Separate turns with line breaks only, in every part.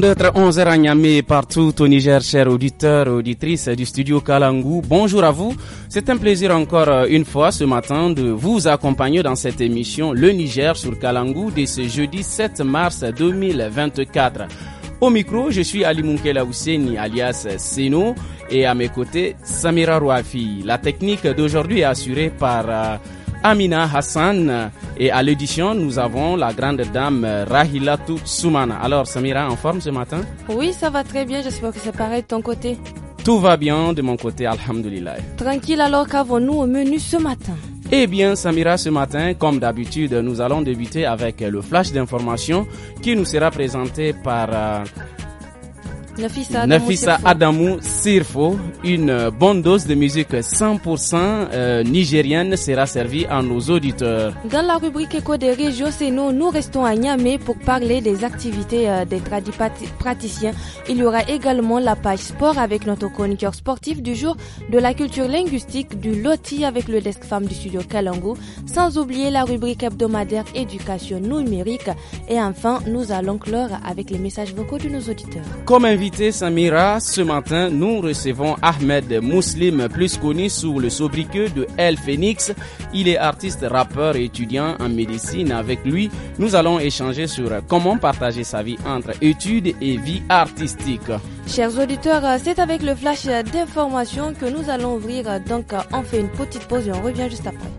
d'être 11h à Niamey partout au Niger, chers auditeurs, auditrices du studio Kalangu, Bonjour à vous. C'est un plaisir encore euh, une fois ce matin de vous accompagner dans cette émission Le Niger sur Kalangu de ce jeudi 7 mars 2024. Au micro, je suis Ali Munkela Ouseni alias Seno et à mes côtés Samira Rouafi. La technique d'aujourd'hui est assurée par euh, Amina Hassan. Et à l'édition, nous avons la grande dame euh, Rahila Soumana. Alors, Samira, en forme ce matin
Oui, ça va très bien. J'espère que c'est pareil de ton côté.
Tout va bien de mon côté, Alhamdulillah.
Tranquille, alors qu'avons-nous au menu ce matin
eh bien, Samira, ce matin, comme d'habitude, nous allons débuter avec le flash d'information qui nous sera présenté par euh,
Nafisa,
Adamou Sirfo, une bonne dose de musique 100% euh, nigérienne sera servie à nos auditeurs.
Dans la rubrique Éco des régions, nous, nous restons à Niamey pour parler des activités euh, des praticiens. Il y aura également la page sport avec notre chroniqueur sportif du jour, de la culture linguistique, du loti avec le desk femme du studio Kalango, sans oublier la rubrique hebdomadaire éducation numérique. Et enfin, nous allons clore avec les messages vocaux de nos auditeurs.
Comme invité Samira, ce matin, nous recevons Ahmed Mouslim, plus connu sous le sobriquet de El Phoenix. Il est artiste, rappeur et étudiant en médecine. Avec lui, nous allons échanger sur comment partager sa vie entre études et vie artistique.
Chers auditeurs, c'est avec le flash d'information que nous allons ouvrir. Donc, on fait une petite pause et on revient juste après.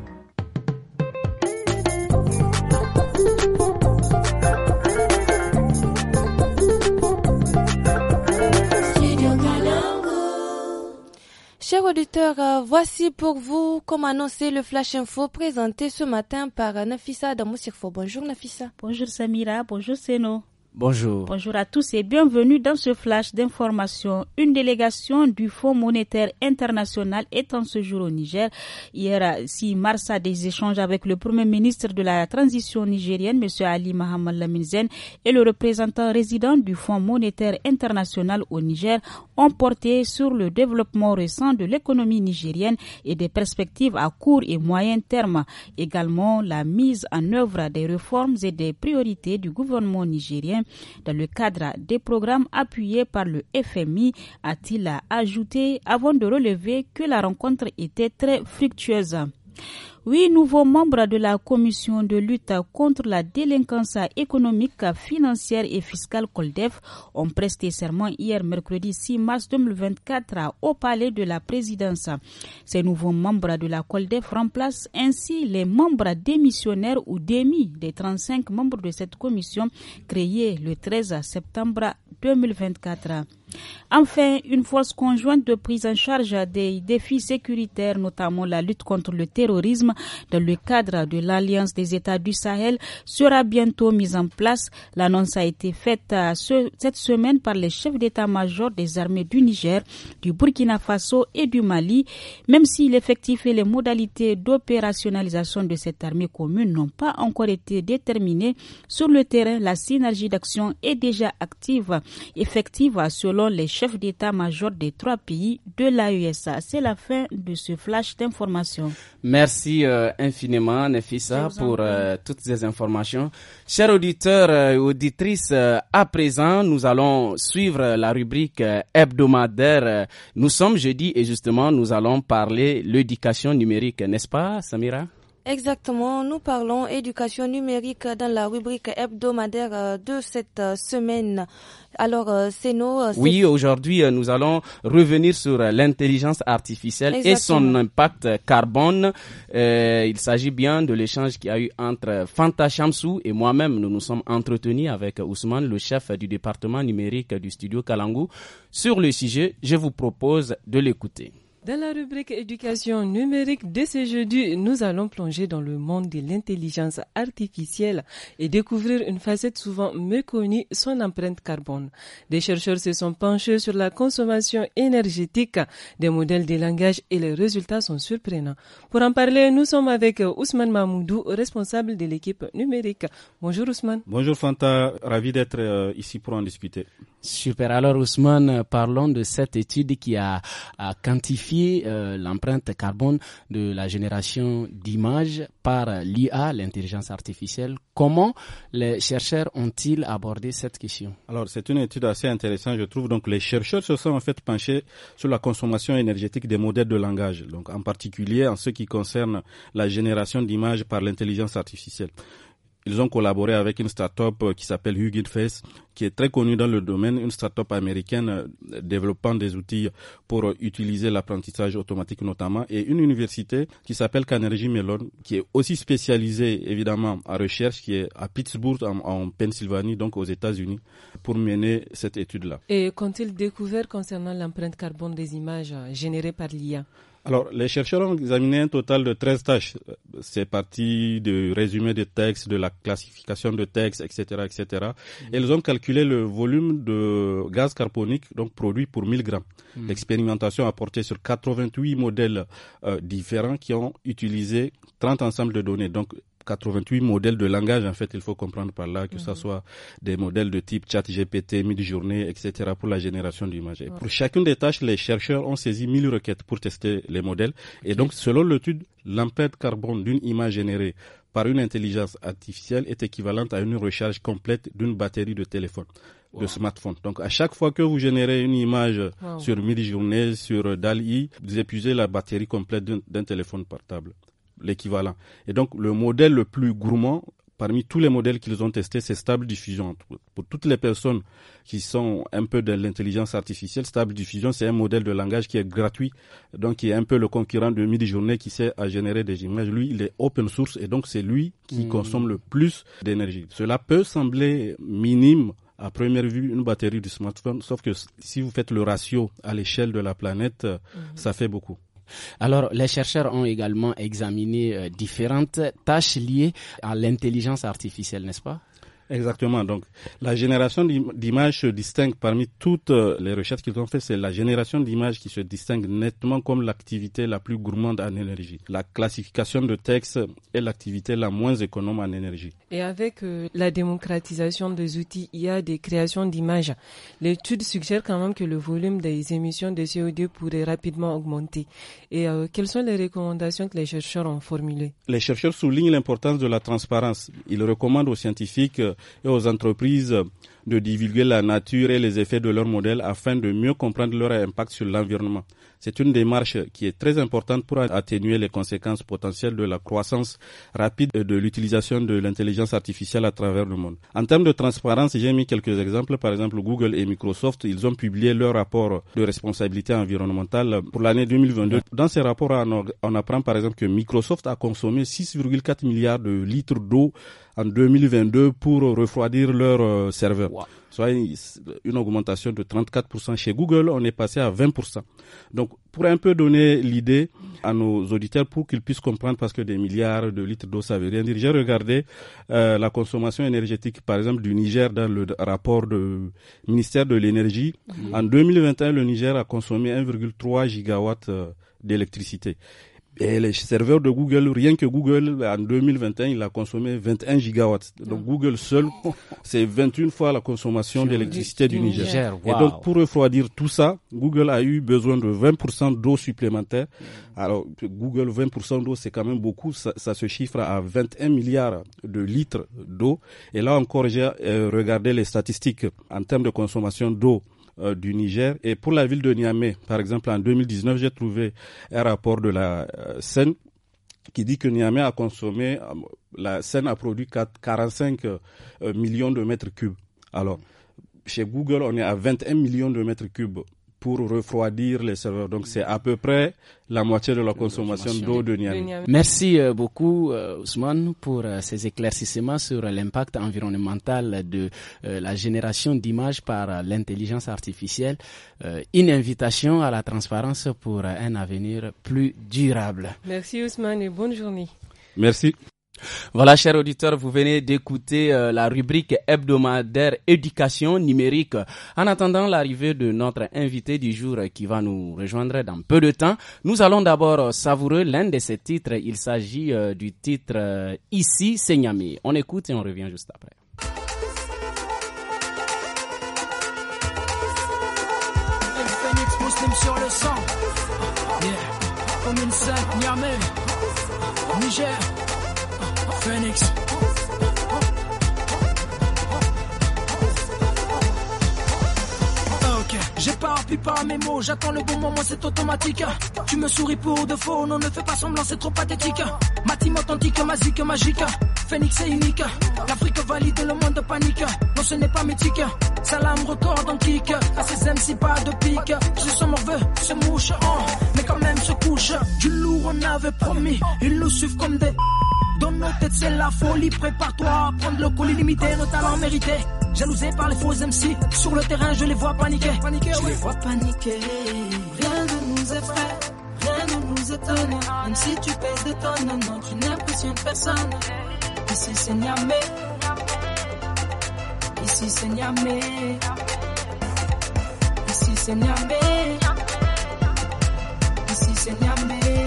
Chers euh, voici pour vous, comme annoncé, le Flash Info présenté ce matin par
Nafissa Damoussirfo. Bonjour Nafissa. Bonjour Samira, bonjour Seno. Bonjour. Bonjour à tous et bienvenue dans ce flash d'information. Une délégation du Fonds monétaire international est en ce jour au Niger. Hier, 6 mars, à des échanges avec le premier ministre de la transition nigérienne, M. Ali Mohamed Laminzen, et le représentant résident du Fonds monétaire international au Niger ont porté sur le développement récent de l'économie nigérienne et des perspectives à court et moyen terme. Également, la mise en œuvre des réformes et des priorités du gouvernement nigérien dans le cadre des programmes appuyés par le FMI, a-t-il ajouté avant de relever que la rencontre était très fructueuse. Huit nouveaux membres de la commission de lutte contre la délinquance économique, financière et fiscale COLDEF ont presté serment hier mercredi 6 mars 2024 au palais de la présidence. Ces nouveaux membres de la COLDEF remplacent ainsi les membres démissionnaires ou démis des 35 membres de cette commission créée le 13 septembre 2024. Enfin, une force conjointe de prise en charge des défis sécuritaires, notamment la lutte contre le terrorisme, dans le cadre de l'Alliance des États du Sahel, sera bientôt mise en place. L'annonce a été faite euh, cette semaine par les chefs d'état-major des armées du Niger, du Burkina Faso et du Mali, même si l'effectif et les modalités d'opérationnalisation de cette armée commune n'ont pas encore été déterminées. Sur le terrain, la synergie d'action est déjà active, effective selon les chefs d'état-major des trois pays de l'AESA. C'est la fin de ce flash d'information.
Merci euh, infiniment, Nefisa, pour euh, toutes ces informations. Chers auditeurs et euh, auditrices, à présent, nous allons suivre la rubrique hebdomadaire. Nous sommes jeudi et justement, nous allons parler l'éducation numérique, n'est-ce pas, Samira
Exactement, nous parlons éducation numérique dans la rubrique hebdomadaire euh, de cette euh, semaine. Alors, euh, c'est nos... Oui,
aujourd'hui, nous allons revenir sur l'intelligence artificielle et son impact carbone. il s'agit bien de l'échange qui a eu entre Fanta Chamsou et moi-même. Nous nous sommes entretenus avec Ousmane, le chef du département numérique du studio Kalangu, sur le sujet. Je vous propose de l'écouter.
Dans la rubrique éducation numérique de ce jeudi, nous allons plonger dans le monde de l'intelligence artificielle et découvrir une facette souvent méconnue, son empreinte carbone. Des chercheurs se sont penchés sur la consommation énergétique des modèles de langage et les résultats sont surprenants. Pour en parler, nous sommes avec Ousmane Mahmoudou, responsable de l'équipe numérique. Bonjour Ousmane.
Bonjour Fanta, ravi d'être euh, ici pour en discuter.
Super. Alors Ousmane, parlons de cette étude qui a quantifié euh, l'empreinte carbone de la génération d'images par l'IA, l'intelligence artificielle. Comment les chercheurs ont-ils abordé cette question
Alors, c'est une étude assez intéressante, je trouve. Donc, les chercheurs se sont en fait penchés sur la consommation énergétique des modèles de langage, donc en particulier en ce qui concerne la génération d'images par l'intelligence artificielle. Ils ont collaboré avec une start-up euh, qui s'appelle Hugging Face, qui est très connue dans le domaine, une start-up américaine euh, développant des outils pour euh, utiliser l'apprentissage automatique notamment, et une université qui s'appelle Carnegie Mellon, qui est aussi spécialisée évidemment en recherche, qui est à Pittsburgh, en Pennsylvanie, donc aux États-Unis, pour mener cette étude-là.
Et qu'ont-ils découvert concernant l'empreinte carbone des images générées par l'IA
alors, les chercheurs ont examiné un total de 13 tâches. C'est parti de résumé de textes, de la classification de textes, etc., etc. ils ont calculé le volume de gaz carbonique donc produit pour 1000 grammes. Mhm. L'expérimentation a porté sur 88 modèles euh, différents qui ont utilisé 30 ensembles de données. Donc, 88 modèles de langage, en fait, il faut comprendre par là que ce mhm. soit des modèles de type chat GPT, midi journée etc. pour la génération d'images. Et Pour chacune des tâches, les chercheurs ont saisi 1000 requêtes pour tester les modèles. Et donc, selon l'étude, l'empreinte carbone d'une image générée par une intelligence artificielle est équivalente à une recharge complète d'une batterie de téléphone de smartphone. Donc à chaque fois que vous générez une image sur midi-journée, sur DALI, vous épuisez la batterie complète d'un téléphone portable l'équivalent. Et donc le modèle le plus gourmand parmi tous les modèles qu'ils ont testés, c'est Stable Diffusion. Pour toutes les personnes qui sont un peu de l'intelligence artificielle, Stable Diffusion, c'est un modèle de langage qui est gratuit, donc qui est un peu le concurrent de Journée, qui sert à générer des images. Lui, il est open source et donc c'est lui qui hmm. consomme le plus d'énergie. Cela peut sembler minime à première vue une batterie du smartphone, sauf que si vous faites le ratio à l'échelle de la planète, hmm. ça fait beaucoup.
Alors, les chercheurs ont également examiné euh, différentes tâches liées à
l'intelligence artificielle, n'est-ce pas Exactement. Donc, la génération d'images se distingue parmi toutes euh, les recherches qu'ils ont faites. C'est la génération d'images qui se distingue nettement comme l'activité la plus gourmande en énergie. La classification de textes est l'activité la moins économe en énergie.
Et avec euh, la démocratisation des outils, il y a des créations d'images. L'étude suggère quand même que le volume des émissions de CO2 pourrait rapidement augmenter. Et euh, quelles sont les recommandations que les chercheurs ont formulées
Les chercheurs soulignent l'importance de la transparence. Ils recommandent aux scientifiques et aux entreprises de divulguer la nature et les effets de leurs modèles afin de mieux comprendre leur impact sur l'environnement. C'est une démarche qui est très importante pour atténuer les conséquences potentielles de la croissance rapide de l'utilisation de l'intelligence artificielle à travers le monde. En termes de transparence, j'ai mis quelques exemples. Par exemple, Google et Microsoft, ils ont publié leur rapport de responsabilité environnementale pour l'année 2022. Dans ces rapports, on apprend par exemple que Microsoft a consommé 6,4 milliards de litres d'eau en 2022 pour refroidir leurs euh, serveurs. Soit une, augmentation de 34%. Chez Google, on est passé à 20%. Donc, pour un peu donner l'idée à nos auditeurs pour qu'ils puissent comprendre, parce que des milliards de litres d'eau, ça veut rien dire. J'ai regardé euh, la consommation énergétique, par exemple, du Niger dans le rapport du ministère de l'Énergie. Mhm. En 2021, le Niger a consommé 1,3 gigawatts euh, d'électricité. Et les serveurs de Google, rien que Google, en 2021, il a consommé 21 gigawatts. Donc Google seul, c'est 21 fois la consommation d'électricité du, Niger. Et donc pour refroidir tout ça, Google a eu besoin de 20% d'eau supplémentaire. Mm. Alors Google, 20% d'eau, c'est quand même beaucoup. Ça, ça, se chiffre à 21 milliards de litres d'eau. Et là encore, j'ai euh, regardé les statistiques en termes de consommation d'eau euh, du Niger. Et pour la ville de Niamey, par exemple, en 2019, j'ai trouvé un rapport de la euh, Seine qui dit que Niamey a consommé, euh, la Seine a produit 45 millions de mètres cubes. Alors, chez Google, on est à 21 millions de mètres cubes pour refroidir les serveurs. Donc c'est à peu près la moitié de la consommation d'eau de Niamey. Merci euh, beaucoup euh, Ousmane pour euh, ces
éclaircissements sur l'impact environnemental de la génération d'images par l'intelligence artificielle. Une invitation à la transparence pour un avenir plus
durable.
Merci Ousmane et bonne journée.
Merci.
Voilà, chers auditeurs, vous venez d'écouter euh, la rubrique hebdomadaire éducation numérique. En attendant l'arrivée de notre invité du jour euh, qui va nous rejoindre dans peu de temps, nous allons d'abord euh, savourer l'un de ses titres. Il s'agit du titre Ici, c'est On écoute et on revient juste après.
Phoenix. Ok, j'ai pas mes mots, j'attends le bon moment, c'est automatique. Tu me souris pour de faux, non, ne fais pas semblant, c'est trop pathétique. Ma team authentique, magique, magique. Phoenix est unique. L'Afrique valide le monde panique. Non, ce n'est pas mythique. Salam record
antique. clic À ses MC, pas de pique. Ce sont morveux, se mouche, mais quand même se couche.
Du lourd, on avait promis. Ils nous suivent comme des. Dans nos têtes, c'est la folie. Prépare-toi à prendre le col illimité nos talents mérités. Jalousé par les faux MC. Sur le terrain, je les vois paniquer. je les vois paniquer. Rien ne nous effraie, rien ne nous étonne. Même si tu pèses des tonnes, non, tu n'impressionnes personne. Ici, c'est Niamé, Ici, c'est Niamé Ici, c'est Niamé, Ici, c'est Niamé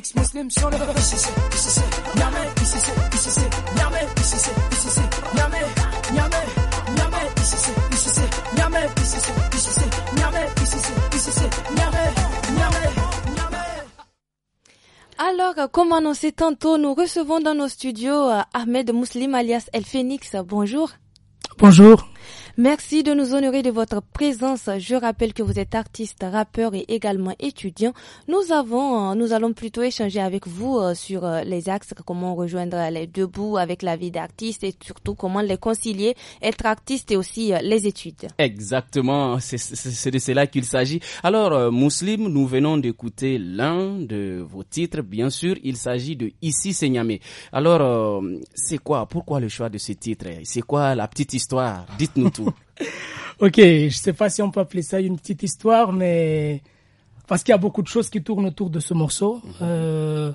mix muslim sur le ICC, c'est Niamey, c'est ICC, Niamey, ICC, ICC, Niamey, Niamey, Niamey, ICC, ICC, Niamey, ICC, c'est Niamey, ICC, c'est Niamey, Niamey.
Alors, comme annoncé tantôt, nous recevons dans nos studios Ahmed Mouslim alias El Phoenix. Bonjour. Bonjour. Merci de nous honorer de votre présence. Je rappelle que vous êtes artiste, rappeur et également étudiant. Nous avons, euh, nous allons plutôt échanger avec vous euh, sur euh, les axes, comment rejoindre les deux bouts avec la vie d'artiste et surtout comment les concilier, être artiste et aussi les études.
Exactement, c'est de cela qu'il s'agit. Alors, Muslim, nous venons d'écouter l'un de vos titres. Bien sûr, il s'agit de Ici Mais Alors, c'est quoi, pourquoi le choix de ce titre? C'est quoi la petite histoire? Dites-nous tout.
ok, je sais pas si on peut appeler ça une petite histoire, mais parce qu'il y a beaucoup de choses qui tournent autour de ce morceau. Mhm. Euh,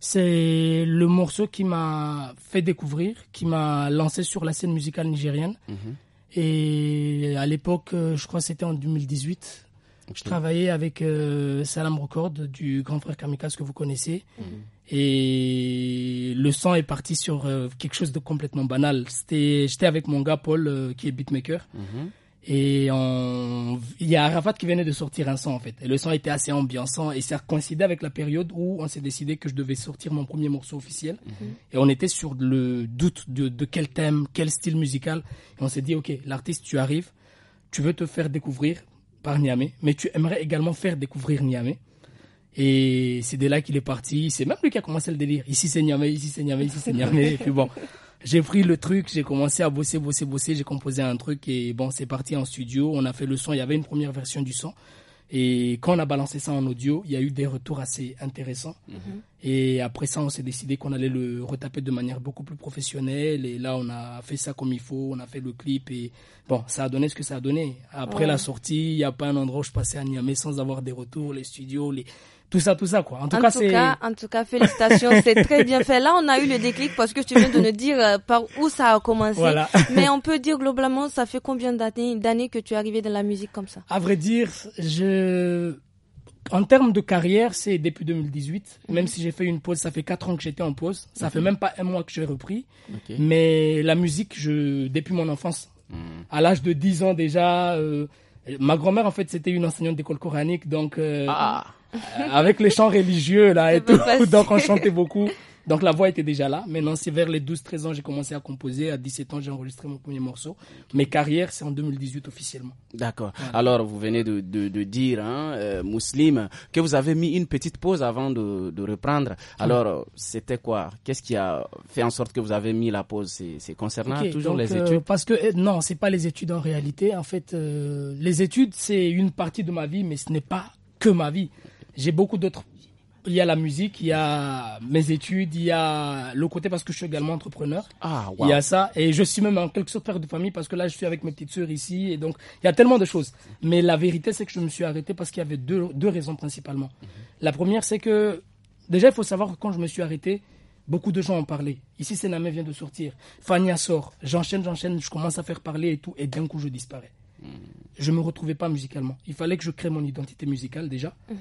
c'est le morceau qui m'a fait découvrir, qui m'a lancé sur la scène musicale nigérienne. Mhm. Et à l'époque, euh, je crois que c'était en 2018. Je travaillais avec euh, Salam Record du grand frère Kamikaze que vous connaissez. Mhm. Et le son est parti sur euh, quelque chose de complètement banal. J'étais avec mon gars Paul, euh, qui est beatmaker. Mhm. Et il y a Arafat qui venait de sortir un son, en fait. Et le son était assez ambiançant. Et ça coïncidait avec la période où on s'est décidé que je devais sortir mon premier morceau officiel. Mhm. Et on était sur le doute de, de quel thème, quel style musical. Et on s'est dit, OK, l'artiste, tu arrives, tu veux te faire découvrir par Niamey, mais tu aimerais également faire découvrir Niamey. Et c'est de là qu'il est parti. C'est même lui qui a commencé le délire. Ici c'est Niamey, ici c'est Niamey, ici c'est Niamey. puis bon, j'ai pris le truc, j'ai commencé à bosser, bosser, bosser. J'ai composé un truc et bon, c'est parti en studio. On a fait le son. Il y avait une première version du son. Et quand on a balancé ça en audio, il y a eu des retours assez intéressants. Mhm. Et après ça, on s'est décidé qu'on allait le retaper de manière beaucoup plus professionnelle. Et là, on a fait ça comme il faut. On a fait le clip. Et bon, ça a donné ce que ça a donné. Après la sortie, il n'y a pas un endroit où je passais à Niamey sans avoir des retours, les studios, les, tout ça, tout ça, quoi. En tout cas,
En tout cas, félicitations. c'est très bien fait. Là, on a eu le déclic parce que tu viens de nous dire euh, par où ça a commencé. Mais on peut dire globalement, ça fait combien d'années que tu es arrivé dans la musique comme ça?
À vrai dire, je, en termes de carrière, c'est depuis 2018. Mhm. Même si j'ai fait une pause, ça fait 4 ans que j'étais en pause. Ça ne fait même pas un mois que j'ai repris. Mais la musique, je, depuis mon enfance, mhm. à l'âge de 10 ans déjà, euh, ma grand-mère, en fait, c'était une enseignante d'école coranique. Donc, euh, ah. Euh, avec les chants religieux là et tout. Donc on chantait beaucoup. Donc la voix était déjà là. Maintenant, c'est vers les 12-13 ans j'ai commencé à composer. À 17 ans, j'ai enregistré mon premier morceau. Mes carrières, c'est en 2018 officiellement.
D'accord. Alors, vous venez de, dire, hein, euh, que vous avez mis une petite pause avant de, reprendre. Ah. Alors, c'était quoi Qu'est-ce qui a fait en sorte que vous avez mis la pause C'est concernant toujours les euh, études
Parce que non, c'est pas les études en réalité. En fait, les études, c'est une partie de ma vie, mais ce n'est pas que ma vie j'ai beaucoup d'autres. Il y a la musique, il y a mes études, il y a le côté parce que je suis également entrepreneur. Ah, ouais. Il y a ça. Et je suis même en quelque sorte père de famille parce que là, je suis avec mes petites sœurs ici. Et donc, il y a tellement de choses. Mais la vérité, c'est que je me suis arrêté parce qu'il y avait deux, deux raisons principalement. La première, c'est que déjà, il faut savoir que quand je me suis arrêté, Beaucoup de gens ont parlé. Ici, Sename vient de sortir. Fania sort. J'enchaîne, j'enchaîne. Je commence à faire parler et tout. Et d'un coup, je disparais. Hmm. Je ne me retrouvais pas musicalement. Il fallait que je crée mon identité musicale déjà. Mhm.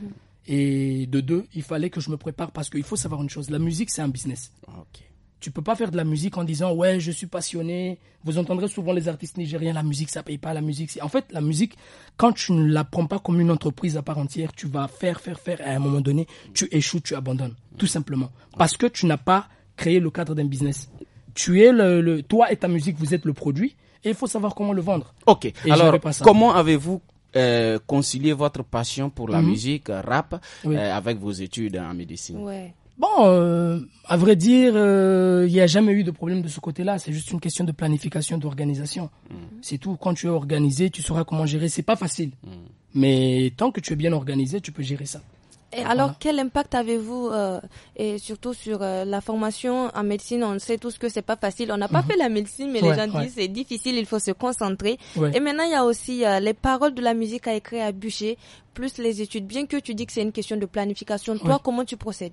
Et de deux, il fallait que je me prépare parce qu'il faut savoir une chose, la musique c'est un business. Tu Tu peux pas faire de la musique en disant ouais je suis passionné. Vous entendrez souvent les artistes nigériens, la musique ça paye pas, la musique c'est... En fait la musique, quand tu ne la prends pas comme une entreprise à part entière, tu vas faire, faire, faire à un moment donné tu échoues, tu abandonnes. Tout simplement. Parce que tu n'as pas créé le cadre d'un business. Tu es le, Toi et ta musique, vous êtes le produit et il faut savoir comment le vendre. Ok, alors comment
avez-vous euh, concilier votre passion pour la mhm. musique euh, rap euh, avec vos études en médecine
Bon, à vrai dire, il n'y a jamais eu de problème de ce côté-là. C'est juste une question de planification, d'organisation. Mhm. C'est tout. Quand tu es organisé, tu sauras comment gérer. C'est pas facile, mhm. mais tant que tu es bien organisé, tu peux gérer ça.
Et ah, alors, quel impact avez-vous euh, et surtout sur euh, la formation en médecine On sait tous que c'est pas facile. On n'a pas mhm. fait la médecine, mais les gens disent c'est difficile, il faut se concentrer. Et maintenant, il y a aussi euh, les paroles de la musique à écrire à bûcher, plus les études. Bien que tu dis que c'est une question de planification, toi, comment tu procèdes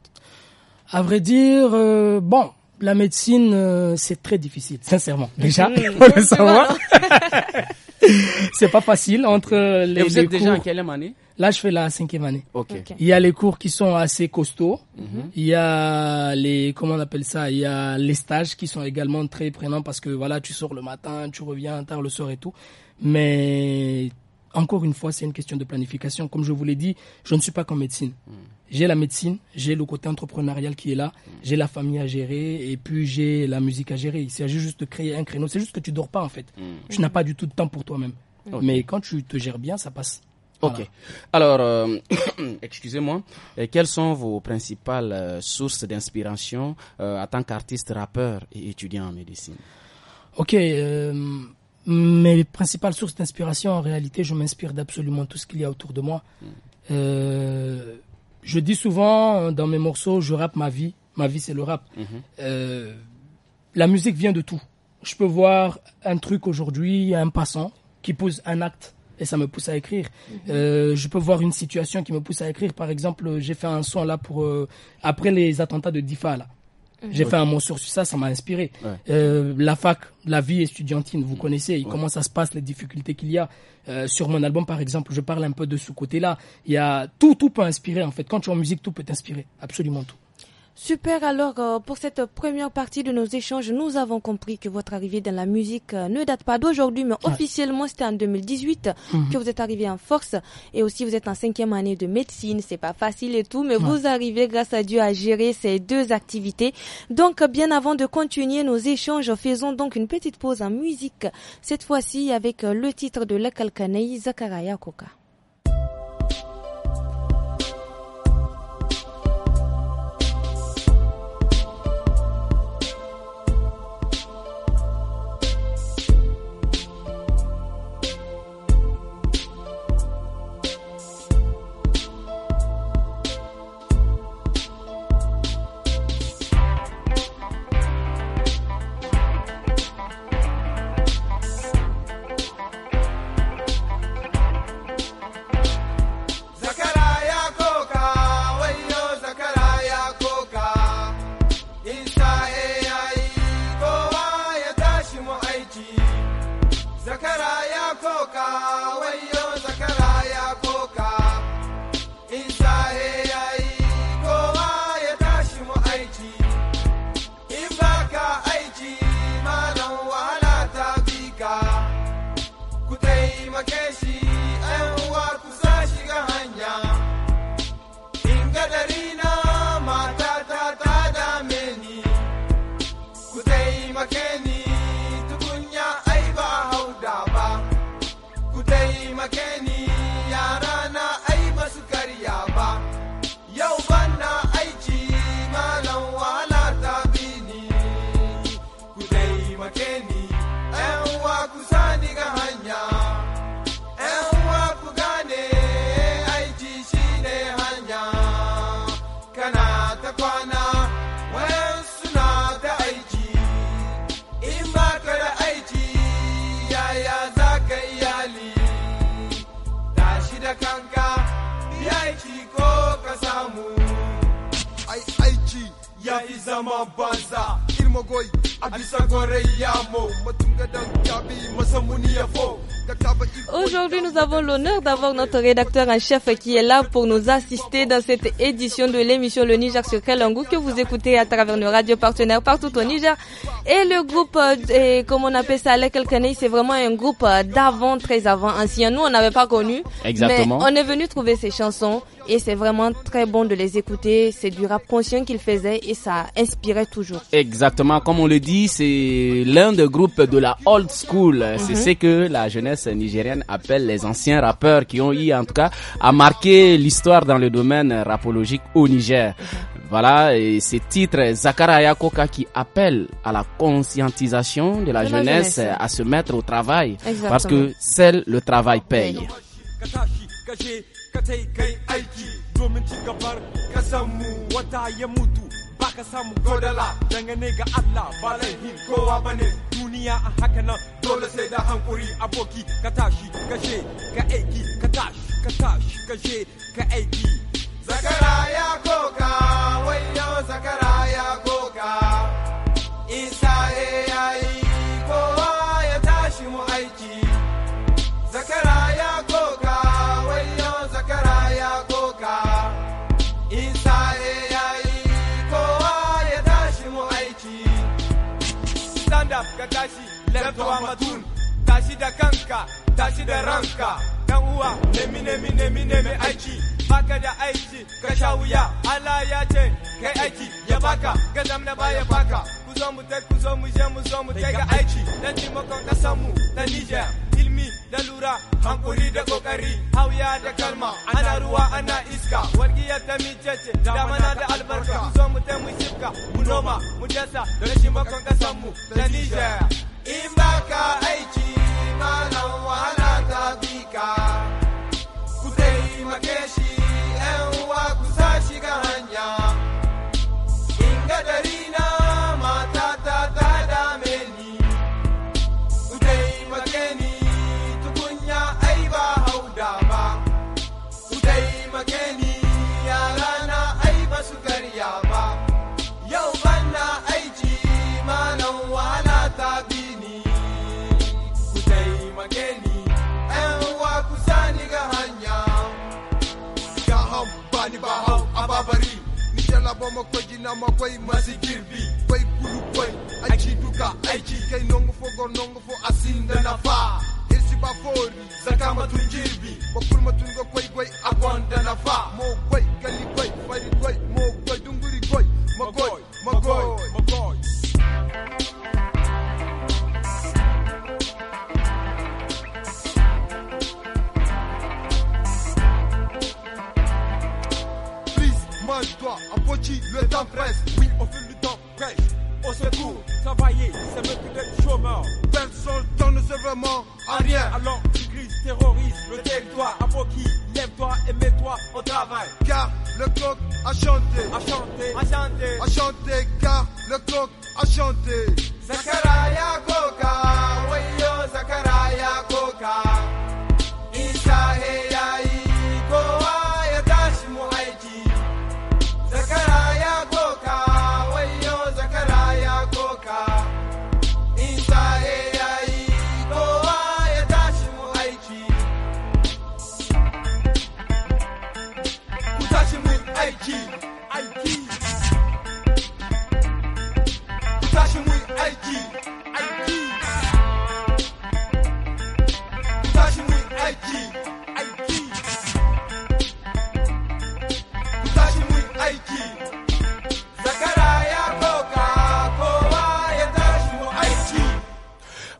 À vrai dire, euh, bon, la médecine, c'est très difficile, sincèrement. Déjà, mm. savoir. c'est pas facile entre les. Et vous êtes déjà en quelle année Là, je fais la cinquième année. Il y a les cours qui sont assez costauds. Mhm. Il y a les, comment on appelle ça Il y a les stages qui sont également très prenants parce que voilà, tu sors le matin, tu reviens tard le soir et tout. Mais encore une fois, c'est une question de planification. Comme je vous l'ai dit, je ne suis pas qu'en médecine. Hmm. J'ai la médecine, j'ai le côté entrepreneurial qui est là, hmm. j'ai la famille à gérer et puis j'ai la musique à gérer. Il s'agit juste de créer un créneau. C'est juste que tu dors pas en fait. Hmm. Tu n'as pas du tout de temps pour toi-même. Mais quand tu te gères bien, ça passe. Ok.
Alors, euh, excusez-moi, quelles sont vos principales euh, sources d'inspiration euh, en tant qu'artiste, rappeur et étudiant en médecine
Ok, mes principales sources d'inspiration, en réalité, je m'inspire d'absolument tout ce qu'il y a autour de moi. Mm. Euh, je dis souvent euh, dans mes morceaux, je rappe ma vie. Ma vie, c'est le rap. Mm-hmm. Euh, la musique vient de tout. Je peux voir un truc aujourd'hui, un passant qui pose un acte et ça me pousse à écrire. Mm-hmm. je peux voir une situation qui me pousse à écrire. Par exemple, j'ai fait un son là pour après les attentats de Difa Mhm. J'ai fait un morceau sur ça, ça m'a inspiré. Euh, la fac, la vie étudiantine, vous connaissez, comment ça se passe, les difficultés qu'il y a. Euh, sur mon album, par exemple, je parle un peu de ce côté-là. Il y a tout, tout peut inspirer en fait. Quand tu es en musique, tout peut t'inspirer, absolument tout.
Super, alors euh, pour cette première partie de nos échanges, nous avons compris que votre arrivée dans la musique euh, ne date pas d'aujourd'hui, mais officiellement c'était en 2018 mhm. que vous êtes arrivé en force. Et aussi vous êtes en cinquième année de médecine, c'est pas facile et tout, mais vous arrivez grâce à Dieu à gérer ces deux activités. Donc bien avant de continuer nos échanges, faisons donc une petite pause en musique, cette fois-ci avec euh, le titre de La Zakaraya Koka. Aujourd'hui, nous avons l'honneur d'avoir notre rédacteur en chef qui est là pour nous assister dans cette édition de l'émission Le Niger Secret Kalangou que vous écoutez à travers nos radios partenaires partout au Niger. Et le groupe, euh, et comme on appelle ça, Lekel c'est vraiment un groupe euh, d'avant, très avant, ancien. Nous, on n'avait pas connu. Exactement. Mais on est venu trouver ces chansons et c'est vraiment très bon de les écouter. C'est du rap conscient qu'ils faisaient et ça inspirait toujours.
Exactement, comme on le dit, c'est l'un des groupes de la old school. C'est mhm. ce que la jeunesse nigérienne appelle les anciens rappeurs qui ont eu en tout cas à marquer l'histoire dans le domaine rapologique au Niger. Voilà, et titres titre Zakaraya Koka qui appelle à la conscientisation de la, jeunesse, à se mettre au travail parce que seul le travail paye.
katai kai aiki domin ci gabar mu wata ya mutu baka samu godala dangane ga Allah ba laihin kowa bane duniya a haka nan dole sai da hankuri aboki ka tashi she ka aiki ka tashi ka tashi she ka aiki zakara ya koka wayo zakara ya koka isa ka tashi matun tashi da kanka tashi da ranka dan uwa nemi nemi nemi nemi aiki baka da aiki ka sha wuya Allah ya ce kai aiki ya baka ga zamna ya baka ku zo mu tai ku zo mu je mu zo mu ga aiki dan taimakon kasamu mu ta Niger ilimi da lura hankuri da kokari hauya da kalma ana ruwa ana iska wargiyar ta micece damana da albarka zo mu ta mu shifka mu noma mu jasa da rashin bakon mu da nijar in baka aiki malam wahala makoji na makwai masu girbi kwai kulu kwai aiki duka aiki kai nongo fo nongo fo asin da na fa irsi ba fori zaka matun girbi bakul matun go kwai kwai akon da na fa mo kwai gani kwai fari kwai dunguri kwai makwai makwai le temps presse. Oui, au fil du temps presse. Au secours, travailler, c'est le plus chômeur. Personne ne se vraiment à rien. Alors, tu grises, terrorise le territoire. À qui lève-toi et mets-toi au travail. Car le coq a chanté. A chanté. A chanté. A chanté, car le coq a chanté. Zakaraya Koka,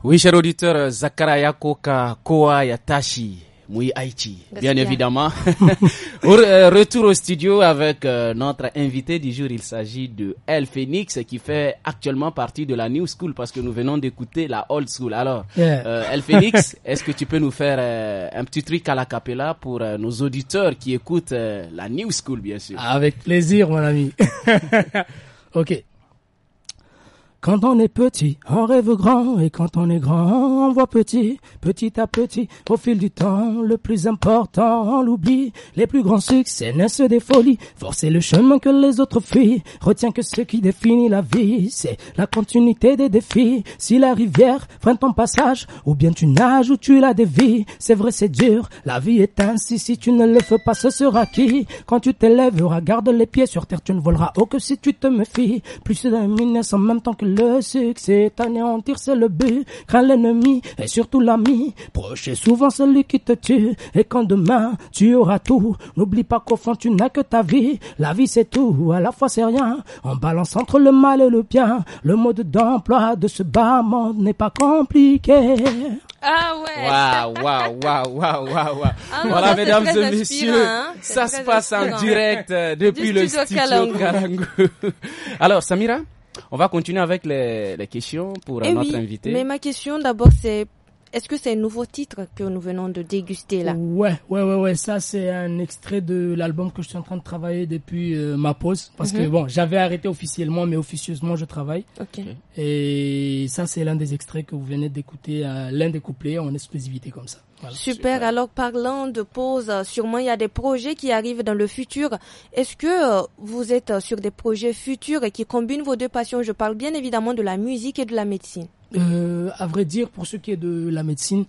Oui, cher auditeur, Zakara Koka, Koa Yatashi. Mui Aichi, bien évidemment. Euh, retour au studio avec euh, notre invité du jour. Il s'agit de El Phoenix qui fait actuellement partie de la New School parce que nous venons d'écouter la Old School. Alors, euh, Phoenix, est-ce que tu peux nous faire un petit truc à la capella pour nos auditeurs qui écoutent la New
School, bien sûr Avec plaisir, mon ami. ok.
Quand on est petit, on rêve grand, et quand on est grand, on voit petit, petit à petit, au fil du temps, le plus important, on l'oublie. Les plus grands succès naissent des folies, forcer le chemin que les autres fuient. Retiens que ce qui définit la vie, c'est la continuité des défis. Si la rivière freine ton passage, ou bien tu nages ou tu la dévis c'est vrai, c'est dur, la vie est ainsi, si tu ne le fais pas, ce sera qui Quand tu t'élèves, garde les pieds sur terre, tu ne voleras haut que si tu te méfies. Plus d'un en même temps que le succès, t'anéantir c'est le but. quand l'ennemi et surtout l'ami, proche est souvent celui qui te tue. Et quand demain tu auras tout, n'oublie pas qu'au fond tu n'as que ta vie. La vie c'est tout, à la fois c'est rien. on balance entre le mal et le bien, le mode d'emploi de ce bas monde n'est pas compliqué.
Ah ouais.
Waouh, waouh, waouh, waouh, waouh. Ah, voilà, mesdames et messieurs, hein. ça se passe en direct euh, depuis le studio, Alors, Samira, on va continuer avec les, les questions pour eh notre invité. Mais
ma question d'abord, c'est est-ce que c'est un nouveau titre que nous venons de déguster là Ouais, ouais, ouais, ouais. Ça, c'est un extrait de l'album que je suis
en train de travailler depuis euh, ma pause. Parce que mhm. bon, j'avais arrêté officiellement, mais officieusement, je travaille. Ok. Et ça, c'est l'un des extraits que vous venez d'écouter, euh, l'un des couplets en exclusivité comme ça super.
Alors parlant de pause, euh, sûrement il y a des projets qui arrivent dans le futur. Est-ce que euh, vous êtes euh, sur des projets futurs et qui combinent vos deux passions Je parle bien évidemment de la musique et de la médecine.
à vrai dire, pour ce qui est de la médecine,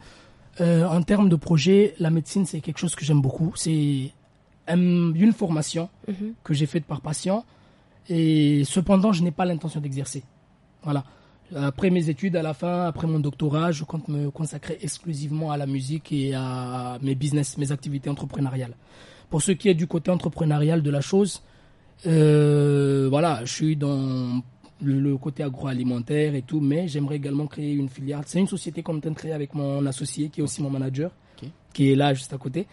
en termes de projet, la médecine c'est quelque chose que j'aime beaucoup. C'est une formation mhm. que j'ai faite par patient et cependant je n'ai pas l'intention d'exercer. Voilà. Après mes études, à la fin, après mon doctorat, je compte me consacrer exclusivement à la musique et à mes business, mes activités entrepreneuriales. Pour ce qui est du côté entrepreneurial de la chose, euh, voilà, je suis dans le, côté agroalimentaire et tout, mais j'aimerais également créer une filiale. C'est une société qu'on est créer avec mon associé, qui est aussi mon manager, qui est là juste à côté.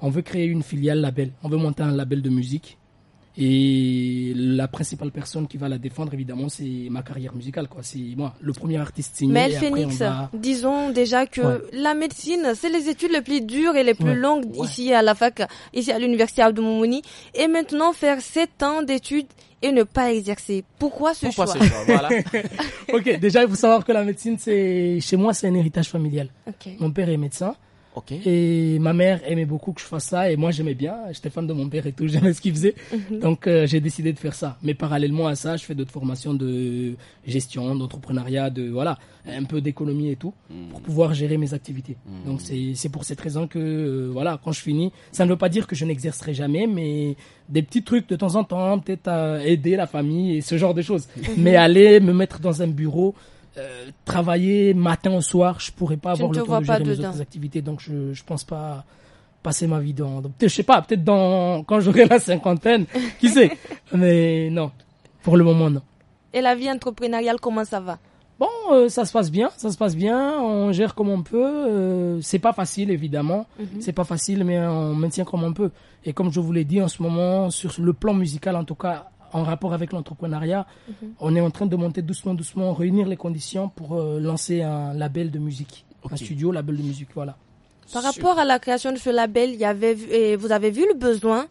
On veut créer une filiale label. On veut monter un label de musique et la principale personne qui va la défendre, évidemment, c'est ma carrière musicale, quoi. C'est moi, le premier artiste signé. Mais Phoenix,
disons déjà que la médecine, c'est les études les plus dures et les plus longues ici à la fac, ici à l'université Abdoumouni. Et maintenant, faire sept ans d'études et ne pas exercer. Pourquoi ce Pourquoi choix, ce choix voilà.
Ok, déjà, il faut savoir que la médecine, c'est, chez moi, c'est un héritage familial. Mon père est médecin. Et ma mère aimait beaucoup que je fasse ça et moi j'aimais bien. J'étais fan de mon père et tout, j'aimais ce qu'il faisait. Mhm. Donc euh, j'ai décidé de faire ça. Mais parallèlement à ça, je fais d'autres formations de gestion, d'entrepreneuriat, de voilà, un peu d'économie et tout mhm. pour pouvoir gérer mes activités. Mhm. Donc c'est pour cette raison que euh, voilà, quand je finis, ça ne veut pas dire que je n'exercerai jamais, mais des petits trucs de temps en temps, peut-être à aider la famille et ce genre de choses. Mais aller me mettre dans un bureau, euh, travailler matin au soir, je pourrais pas avoir le temps de mes activités, donc je je pense pas passer ma vie dans, dans je sais pas, peut-être dans quand j'aurai la cinquantaine, qui sait. Mais non, pour le moment non.
Et la vie entrepreneuriale, comment ça va
Bon, euh, ça se passe bien, ça se passe bien. On gère comme on peut. Euh, c'est pas facile, évidemment. Mhm. C'est pas facile, mais on maintient comme on peut. Et comme je vous l'ai dit, en ce moment, sur le plan musical, en tout cas, en rapport avec l'entrepreneuriat. Mhm. On est en train de monter doucement, doucement, réunir les conditions pour euh, lancer un label de musique, un studio label de musique, voilà.
Par rapport à la création de ce label, il y avait, et vous avez vu le besoin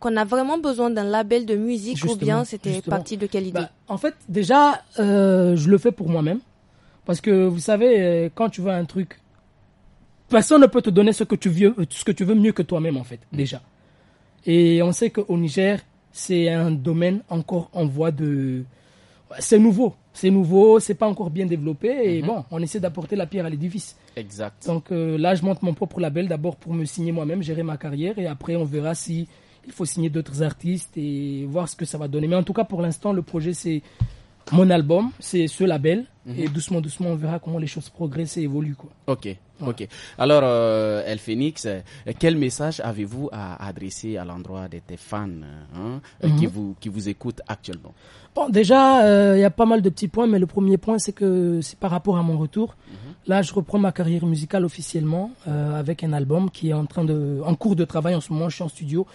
qu'on a vraiment besoin d'un label de musique ou bien c'était parti de quelle idée bah, En fait, déjà,
euh, je le fais pour moi-même. Parce que vous savez, euh, quand tu veux un truc, personne ne peut te donner ce que tu veux, ce que tu veux mieux que toi-même, en fait, mm. déjà. Et on sait qu'au Niger, c'est un domaine encore en voie de. C'est nouveau, c'est nouveau, c'est pas encore bien développé et mhm. bon, on essaie d'apporter la pierre à l'édifice. Exact. Donc euh, là, je monte mon propre label d'abord pour me signer moi-même, gérer ma carrière et après on verra si il faut signer d'autres artistes et voir ce que ça va donner. Mais en tout cas, pour l'instant, le projet c'est mon album, c'est ce label. Mhm. Et doucement, doucement, on verra comment les choses progressent et évoluent. Quoi. Ok, ok.
Alors, euh, El Phoenix, euh, quel message avez-vous à adresser à l'endroit de tes fans hein, euh, mhm. qui, vous, qui vous écoutent actuellement
Bon, déjà, euh, il y a pas mal de petits points, mais le premier point, c'est que c'est par rapport à mon retour. Mhm. Là, je reprends ma carrière musicale officiellement avec un album qui est en, train de, en cours de travail en ce moment. Je suis en studio.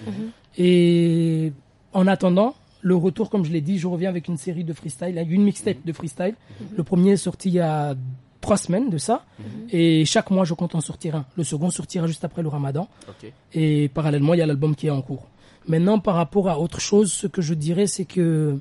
Et en attendant, le retour, comme je l'ai dit, je reviens avec une série de freestyle, une mixtape de freestyle. Le premier est sorti il y a trois semaines de ça. Mhm. Et chaque mois, je compte en sortir un. Le second sortira juste après le ramadan. Et parallèlement, il y a l'album qui est en cours. Maintenant, par rapport à autre chose, ce que je dirais, c'est que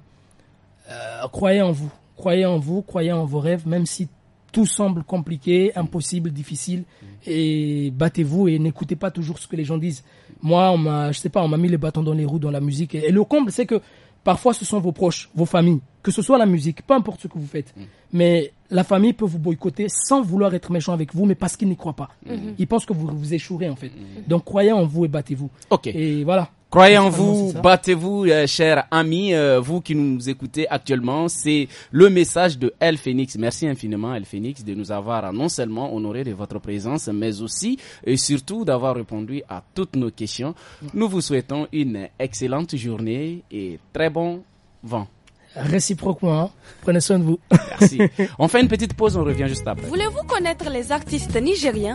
euh, croyez en vous. Croyez en vous, croyez en vos rêves, même si tout semble compliqué, impossible, difficile. Mhm. Et battez-vous et n'écoutez pas toujours ce que les gens disent. Moi, on m'a, je sais pas, on m'a mis les bâtons dans les roues dans la musique. et le comble, c'est que Parfois, ce sont vos proches, vos familles, que ce soit la musique, peu importe ce que vous faites. Mm. Mais la famille peut vous boycotter sans vouloir être méchant avec vous, mais parce qu'ils n'y croient pas. il mm. Ils pensent que vous vous échouerez en fait. Mm. Donc croyez en vous et battez-vous. Et voilà. Croyez en vous,
battez-vous, euh, chers amis, euh, vous qui nous écoutez actuellement. C'est le message de El Phoenix. Merci infiniment, El Phoenix, de nous avoir non seulement honoré de votre présence, mais aussi et surtout d'avoir répondu à toutes nos questions. Nous vous souhaitons une excellente journée et très bon vent.
Réciproquement, hein. prenez soin de vous. Merci.
On fait une petite pause, on revient juste après.
Voulez-vous connaître les artistes nigériens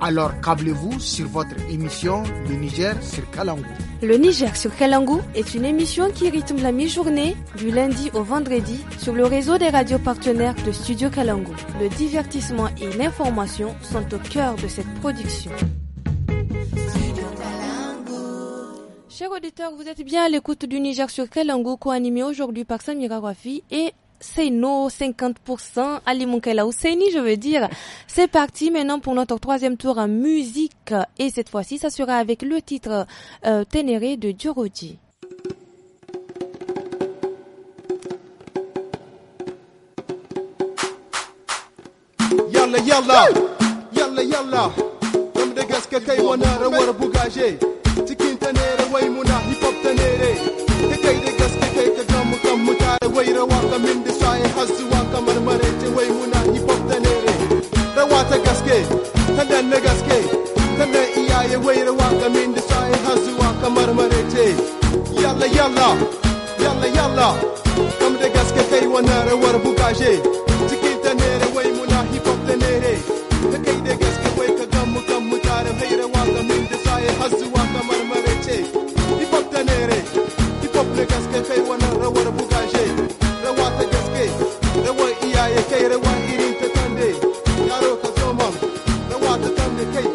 alors câblez-vous sur votre émission Le Niger sur Kalangou.
Le Niger sur Kalangou est une émission qui rythme la mi-journée du lundi au vendredi sur le réseau des radios partenaires de Studio Kalangou. Le divertissement et l'information sont au cœur de cette production. Chers auditeurs, vous êtes bien à l'écoute du Niger sur Kalangou, co-animé aujourd'hui par Samira Wafi et c'est nos 50%. Ali Moukela Ousseini, je veux dire. C'est parti maintenant pour notre troisième tour en musique. Et cette fois-ci, ça sera avec le titre euh, Ténéré de Diorodi.
Yalla yalla, yalla yalla, que gaske kai wani rawar bugaje, cikin tanere way muna hip hop tanere. wai rawa kamin da shaye har zuwa kamar maraice wai muna hip hop da ne rawa ta gaske ta danna gaske ta da iyaye wai rawa kamin da shaye har zuwa kamar maraice yalla yalla yalla yalla kam da gaske kai wannan rawar bukashe cikin ta ne wai muna hip hop da ne ta kai da gaske wai ka gan mu kan mu tare mai rawa kamin da shaye har zuwa kamar maraice hip hop da ne hip hop da gaske Oh, I rewa irin ta tande yaro ka zo man rawa ta tande kai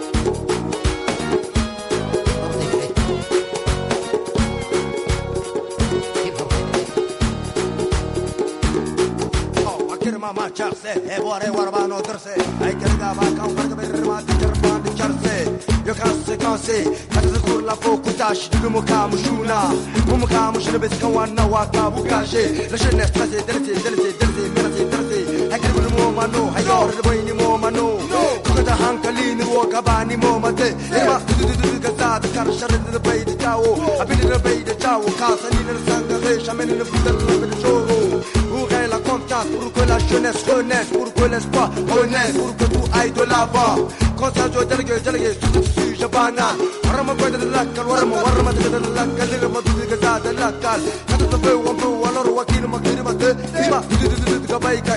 ma charse e vorrei guardare no terse ai che regava con perché per rimasti cerpando charse io casse casse casse con la focutash du mo camu shuna mo mo camu shuna bet kan wanna wa ka bugashe la shine strase derse derse derse derse derse mano hayo rabani mo mano kada hankali ni wo kabani mo mate ema du du du kar shar da bai da tawo abin da bai da tawo ka sani na sanga re shamen na fudar na bai shogo où est la contact pour la jeunesse renaisse pour l'espoir renaisse pour tout aille de l'avant quand ça doit déléguer déléguer je bana warma ko da lakkal warma warma da lakkal da madu da da lakkal kada da bai wa wakil makir mate ima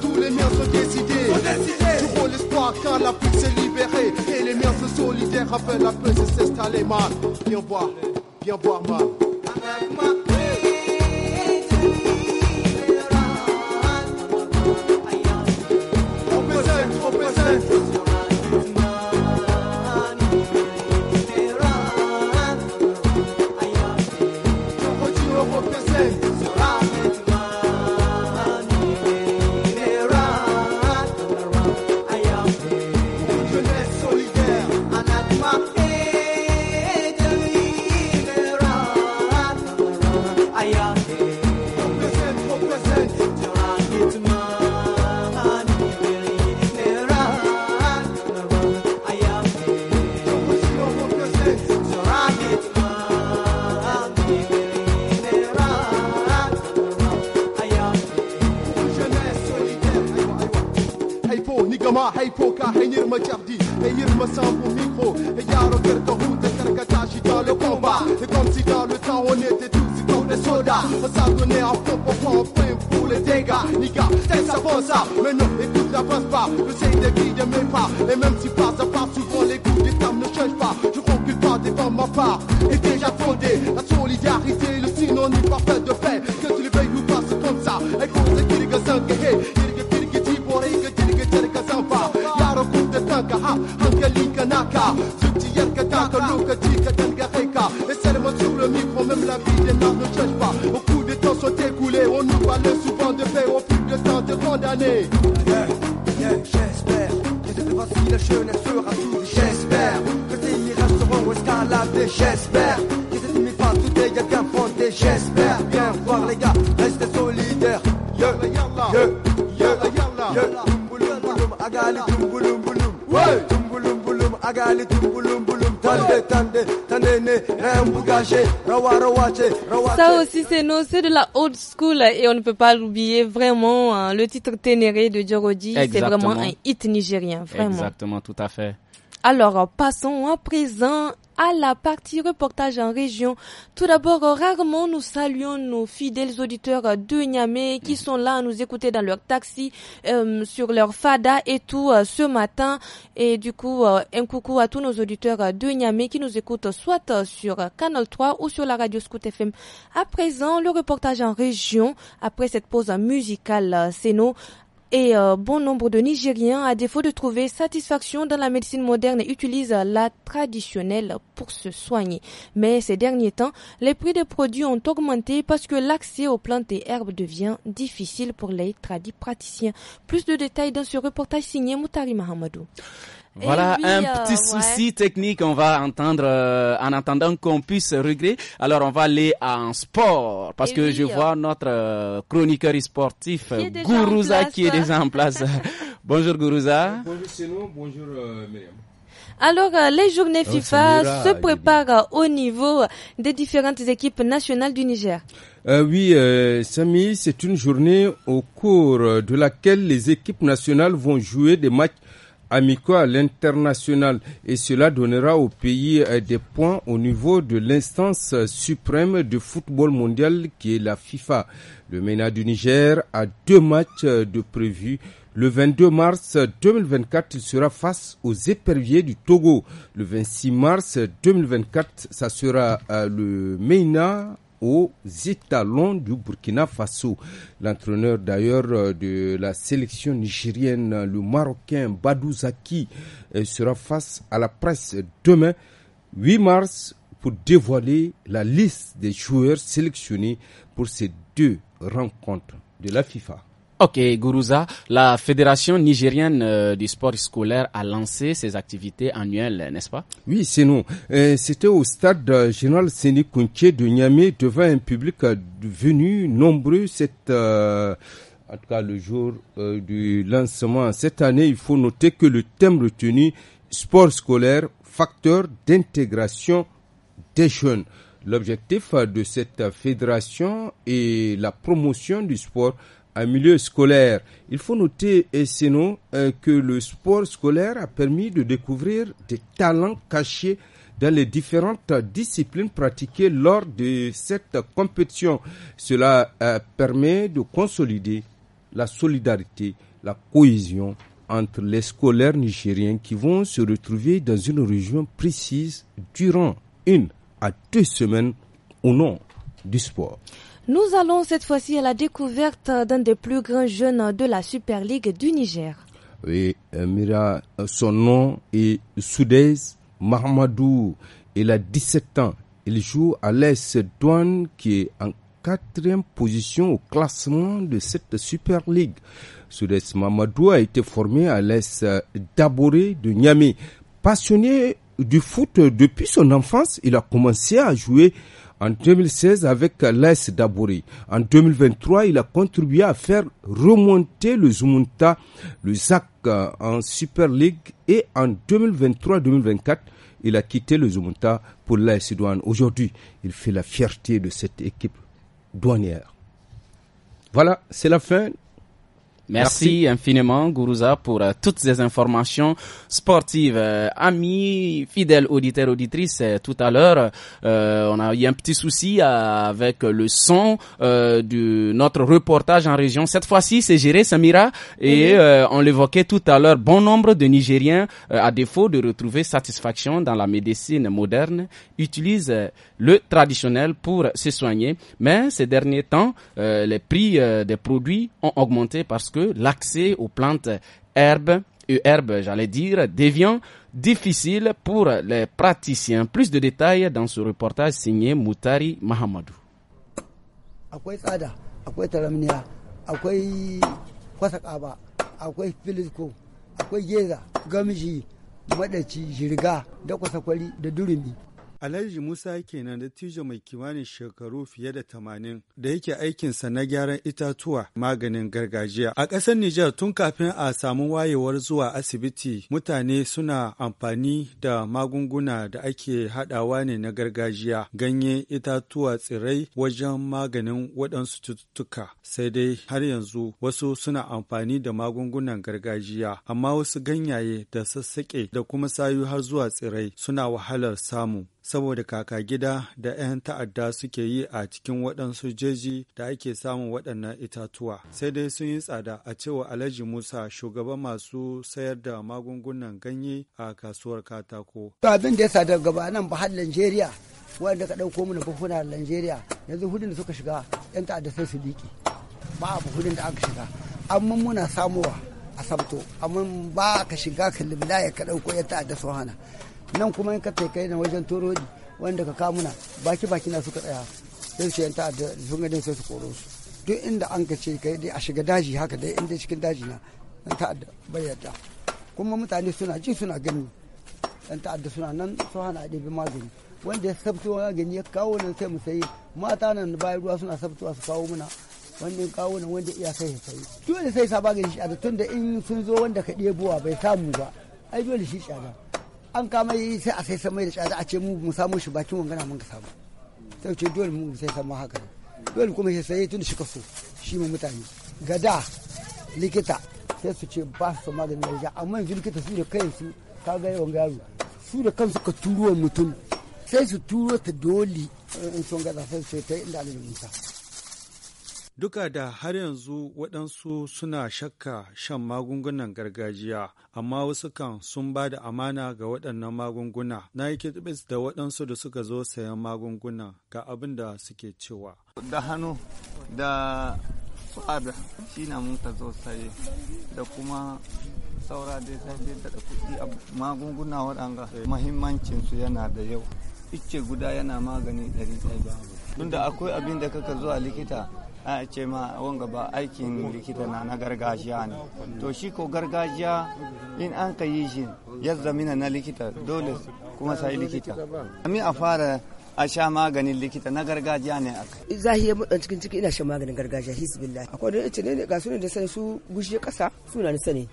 tous les miens sont décidés. Du pour l'espoir la pute s'est libérée. Et les miens sont solidaires, après la paix c'est s'installer, Viens voir, viens voir, mal. et il me semble au micro. Et y'a Roberto Hood et dans le combat. Et comme si dans le temps on était tous dans des soldats. On à fond pour prendre plein pour les dégâts. Niga, c'est ça pour Mais non, écoute, n'avance pas. Le sais des guides de pas. Et même si pas Ça
aussi, c'est nous, c'est de la old school et on ne peut pas l'oublier. Vraiment, hein. le titre Ténéré de Jorodi, c'est vraiment un hit nigérien. Vraiment. Exactement, tout à fait. Alors, passons à présent à la partie reportage en région. Tout d'abord, euh, rarement nous saluons nos fidèles auditeurs euh, de Niamey qui sont là à nous écouter dans leur taxi, euh, sur leur fada et tout ce matin. Et du coup, un coucou à tous nos auditeurs de Niamey qui nous écoutent soit sur Canal 3 ou sur la radio Scout FM. À présent, le reportage en région après cette pause musicale, c'est nous et euh, bon nombre de Nigériens, à défaut de trouver satisfaction dans la médecine moderne, utilisent la traditionnelle pour se soigner. Mais ces derniers temps, les prix des produits ont augmenté parce que l'accès aux plantes et herbes devient difficile pour les praticiens. Plus de détails dans ce reportage signé Moutari Mahamadou. Eh voilà un euh, petit souci
technique. On va entendre euh, en attendant qu'on puisse régler. Alors on va aller en sport parce eh que je vois notre euh, chroniqueur sportif Gourouza qui est déjà en place. bonjour Gourouza.
Bonjour Sino, bonjour Myriam. Alors, les journées oh, FIFA se préparent au niveau des différentes équipes nationales du Niger.
oui, Samy, c'est une journée au cours de laquelle les équipes nationales vont jouer des matchs Amico à l'international et cela donnera au pays euh, des points au niveau de l'instance euh, suprême de football mondial qui est la FIFA. Le MENA du Niger a deux matchs euh, de prévu. Le 22 mars 2024, il sera face aux éperviers du Togo. Le 26 mars 2024, ça sera le MENA aux étalons du Burkina Faso. L'entraîneur d'ailleurs euh, de la sélection nigérienne, le Marocain Badou euh, sera face à la presse demain 8 mars pour dévoiler la liste des joueurs sélectionnés pour ces deux rencontres de la FIFA.
Ok, Gourouza, la Fédération nigérienne euh, du sport scolaire a lancé ses activités annuelles, n'est-ce pas
Oui, c'est nous. Euh, c'était au stade euh, général Séné de Niamey devant un public venu nombreux cette... en tout cas le jour du lancement. Cette année, il faut noter que le thème retenu, sport scolaire, facteur d'intégration des jeunes. L'objectif de cette fédération est la promotion du sport un milieu scolaire. Il faut noter, et sinon, euh, que le sport scolaire a permis de découvrir des talents cachés dans les différentes disciplines pratiquées lors de cette compétition. Cela euh, permet de consolider la solidarité, la cohésion entre les scolaires nigériens qui vont se retrouver dans une région précise durant une à deux semaines au nom du sport.
Nous allons cette fois-ci à la découverte d'un des plus grands jeunes de la Super League du Niger.
Oui, euh, Mira, euh, son nom est Soudez Mahamadou. Il a 17 ans. Il joue à l'AS Douane qui est en quatrième position au classement de cette Super League. Soudès Mamadou a été formé à l'AS euh, Daboré de Niamey. Passionné du foot depuis son enfance, il a commencé à jouer en 2016 avec l'AS Dabouri. En 2023, il a contribué à faire remonter le Zumunta, le ZAC euh, en Super League et en 2023-2024, il a quitté le Zumunta pour l'AS Douane. Aujourd'hui, il fait la fierté de cette équipe douanière.
Voilà, c'est la fin Merci, infiniment, Gourouza, pour euh, toutes ces informations sportives. Euh, amis, fidèles auditeurs, auditrices, euh, tout à l'heure, on a eu un petit souci avec le son de notre reportage en région. Cette fois-ci, c'est géré, Samira, et on l'évoquait tout à l'heure. Bon nombre de Nigériens, à défaut de retrouver satisfaction dans la médecine moderne, utilisent le traditionnel pour se soigner. Mais ces derniers temps, les prix des produits ont augmenté parce que l'accès aux plantes herbes, et euh, herbes j'allais dire, devient difficile pour les praticiens. Plus de détails dans ce reportage signé Moutari Mahamadou.
Alhaji Musa kenan dattijo mai kimanin shekaru fiye da tamanin da yake aikinsa na gyaran itatuwa maganin gargajiya. A ƙasar Nijar tun kafin a samu wayewar zuwa asibiti mutane suna amfani da magunguna da ake haɗawa ne na gargajiya ganye itatuwa tsirai wajen maganin waɗansu cututtuka sai dai har yanzu wasu suna amfani da magungunan gargajiya amma wasu ganyaye da sassaƙe da kuma sayu har zuwa tsirai suna wahalar samu saboda kaka gida da 'yan ta'adda suke yi a cikin waɗansu jeji da ake samun waɗannan itatuwa sai dai sun yi tsada a cewa alhaji musa shugaban masu sayar da magungunan ganye a kasuwar katako
abin da ya sadar gaba nan ba har nigeria wanda ka ɗauko mana buhuna nigeria yanzu hudun da suka shiga 'yan ta'adda sai su liƙi ba abu hudun da aka shiga amma muna samowa a sabto amma ba ka shiga ka ya ka ɗauko 'yan ta'adda sun hana nan kuma in ka kai kai na wajen turo wanda ka kamuna baki baki na suka tsaya sai su yanta da sun ga sai su koro su duk inda an ka ce kai dai a shiga daji haka dai inda cikin daji na dan ta'adda bai yarda kuma mutane suna ji suna gani dan ta'adda suna nan su hana ɗebi magani wanda ya sabto magani ya kawo nan sai mu sayi mata nan bayan ruwa suna sabtowa su kawo muna wanda kawo nan wanda iya sai sayi dole sai sa magani shi a tun da in sun zo wanda ka ɗebowa bai samu ba ai dole shi tsada an kama yi sai a sai samu da shi a ce mu mu samu shi bakin wangana mun ka samu sai ce dole mu sai samu haka dole kuma sai sai tun shi kaso shi mu mutane gada likita sai su ce ba su maganin gargajiya amma yanzu likita su da kansu ka ga yawan garu su da kansu ka turo mutum sai su turo ta doli in sun gaza sai su ta inda alimin musa
Duka da har yanzu waɗansu suna shakka shan magungunan gargajiya, amma wasu kan sun ba da amana ga waɗannan magunguna. Na yi kitbis da waɗansu da suka zo sayan magunguna ga abin da suke cewa. Da hannu da
fada shi na muka zo saye da kuma saura dai ya dai da kuɗi a magunguna waɗanga mahimmancinsu yana da yau. Icce guda yana magani ɗari ɗaya. Tunda akwai abin da kaka zuwa likita a ce ma wanga ba aikin likita na na gargajiya ne to shi ko gargajiya in an ka yi shi ya zamina na likita dole kuma sai likita ami a fara a sha maganin likita na gargajiya ne aka
zahi ya mudan cikin ciki ina shan maganin gargajiya hisbillah akwai da ice ne ga sunan da sani su gushe kasa suna ni sani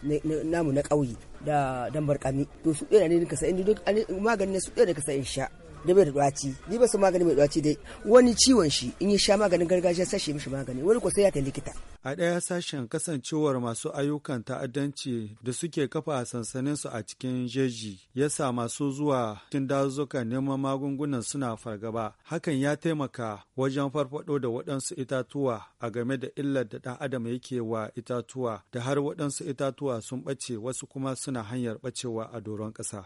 namu na kauye da dambar kami to su ɗaya ne ka sa duk maganin su ɗaya ne ka sa in sha da bai da ɗwaci ni ba san magani mai ɗwaci dai wani ciwon shi in yi sha maganin gargajiya sai mishi magani wani ko sai ya ta likita
a ɗaya sashen kasancewar masu ayyukan ta'addanci da suke kafa sansanin su a cikin jeji ya sa masu zuwa cikin dazukan neman magungunan suna fargaba hakan ya taimaka wajen farfado da waɗansu itatuwa a game da illar da ɗan adam yake wa itatuwa da har waɗansu itatuwa sun ɓace wasu kuma suna hanyar ɓacewa a doron ƙasa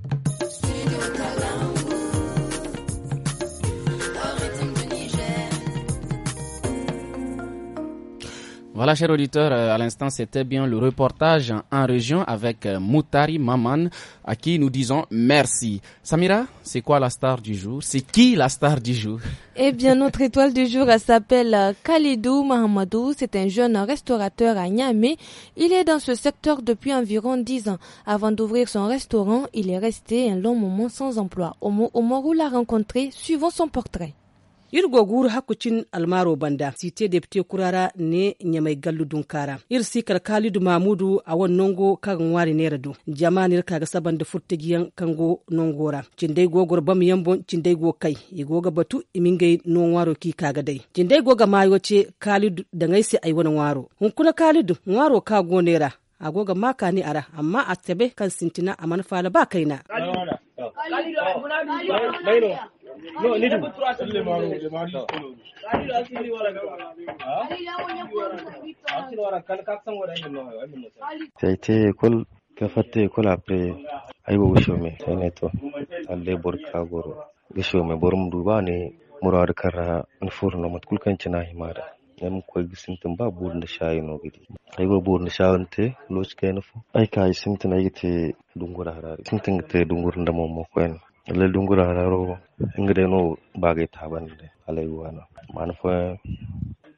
Voilà, cher auditeur, euh, à l'instant, c'était bien le reportage en région avec euh, Moutari Maman, à qui nous disons merci. Samira, c'est quoi la star du jour C'est qui la star du jour
Eh bien, notre étoile du jour s'appelle euh, Khalidou Mahamadou. C'est un jeune restaurateur à Niamey. Il est dans ce secteur depuis environ 10 ans. Avant d'ouvrir son restaurant, il est resté un long moment sans emploi. moment où l'a rencontré, suivant son portrait.
ir goguru guru hakucin almaro banda site depute kurara ne nyamai gallu dunkara ir sikar kalidu mamudu a wan nongo kan wari nera du jamanir kaga saban da furtigiyan kango nongora cindai gogor bam yambon cindai go kai goga batu imingai non waro ki kaga dai cindai goga mayo ce kalidu da ngaisi ai wani waro hunkuna kalidu waro ka go nera agoga maka ni ara amma a kan sintina a manfala ba kaina
No,
a
été cool. Ka fatte cool après. Aibo wushome. Sai ne to. Alle burka goro. Gishome borum duba ne murar kara anfurno matkul kancina himara. Yam ba da shayi no gidi. Aibo burin da shayin te loch kai nufu. Ai kai sintin ai te dungura Sintin te Ele dungura raro ingre no bage taban de ale wana. a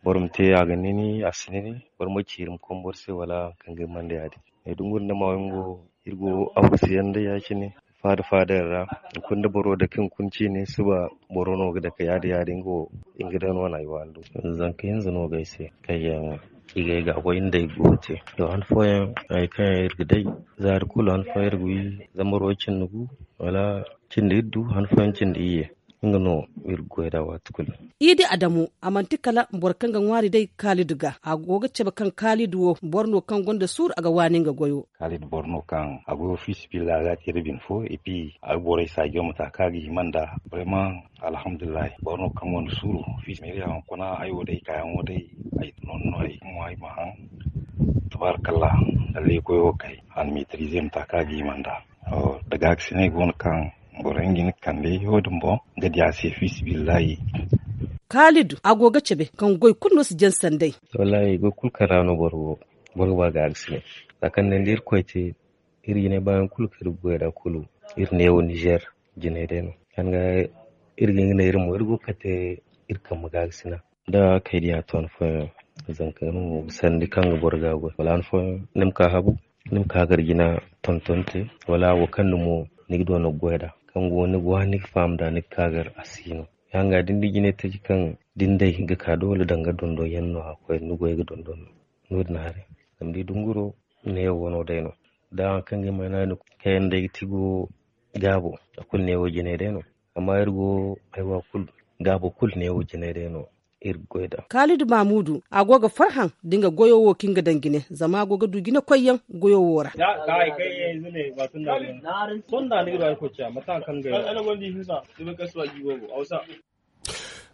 borum te aganini asinini bormo chirum sai wala kan ya kange mande adi. E dungur na mawango irgo afusiyanda ne fada fada ra kun da baro da kin kunci ne su ba boro no da ka yadi yadi ingo ingida no na yi Zan kai yanzu no gaise kai yawa. ga ga ko inda ya gote to an foye ai kan ya rigide za ku lan foye rigui zamaro cin nugu wala cin da yiddu han foye cin da inga no da wa kul
idi adamu amanti kala borkan ga ngwari dai kalidu ga agoga cheba kan kalidu wo borno kan gonda sur aga ga goyo
kalidu borno kan agoyo fils billa ga bin fo et puis agbore sa ta kagi manda vraiment alhamdulillah borno kan won suru fils meri an kona ayo dai kayan wo dai ay non no ay mo ay mahan tabarakallah lalle koyo kai an maîtriser ta kagi manda daga sine gon kan gorengin kambe yodin bo diya ase fi sibillahi
khalid agoga cebe kan goy kunno su jan sandai
wallahi go
kul karano borgo borgo ga arsine sakan nan dir ce iri ne bayan kul kar goya da kulu ir ne wo niger jine deno kan ga iri ne irmo irgo kate irkan mu ga arsina da kai dia ton fo mu sandi kan ga borga go wala an fo nim ka habu nim ka gargina tontonte wala wakan mo nigdo no goyda kan wani ni farm fam da ni kagar asino ga din digine ta kan dindai ga ka dole danga dondo yanno akwai ni go ga dondo no na hare kam di dunguro ne wono dai no da kan ga mai ni kayan da tigo gabo akul ne waje ne dai no amma yargo aiwa kul gabo kul ne waje ne dai no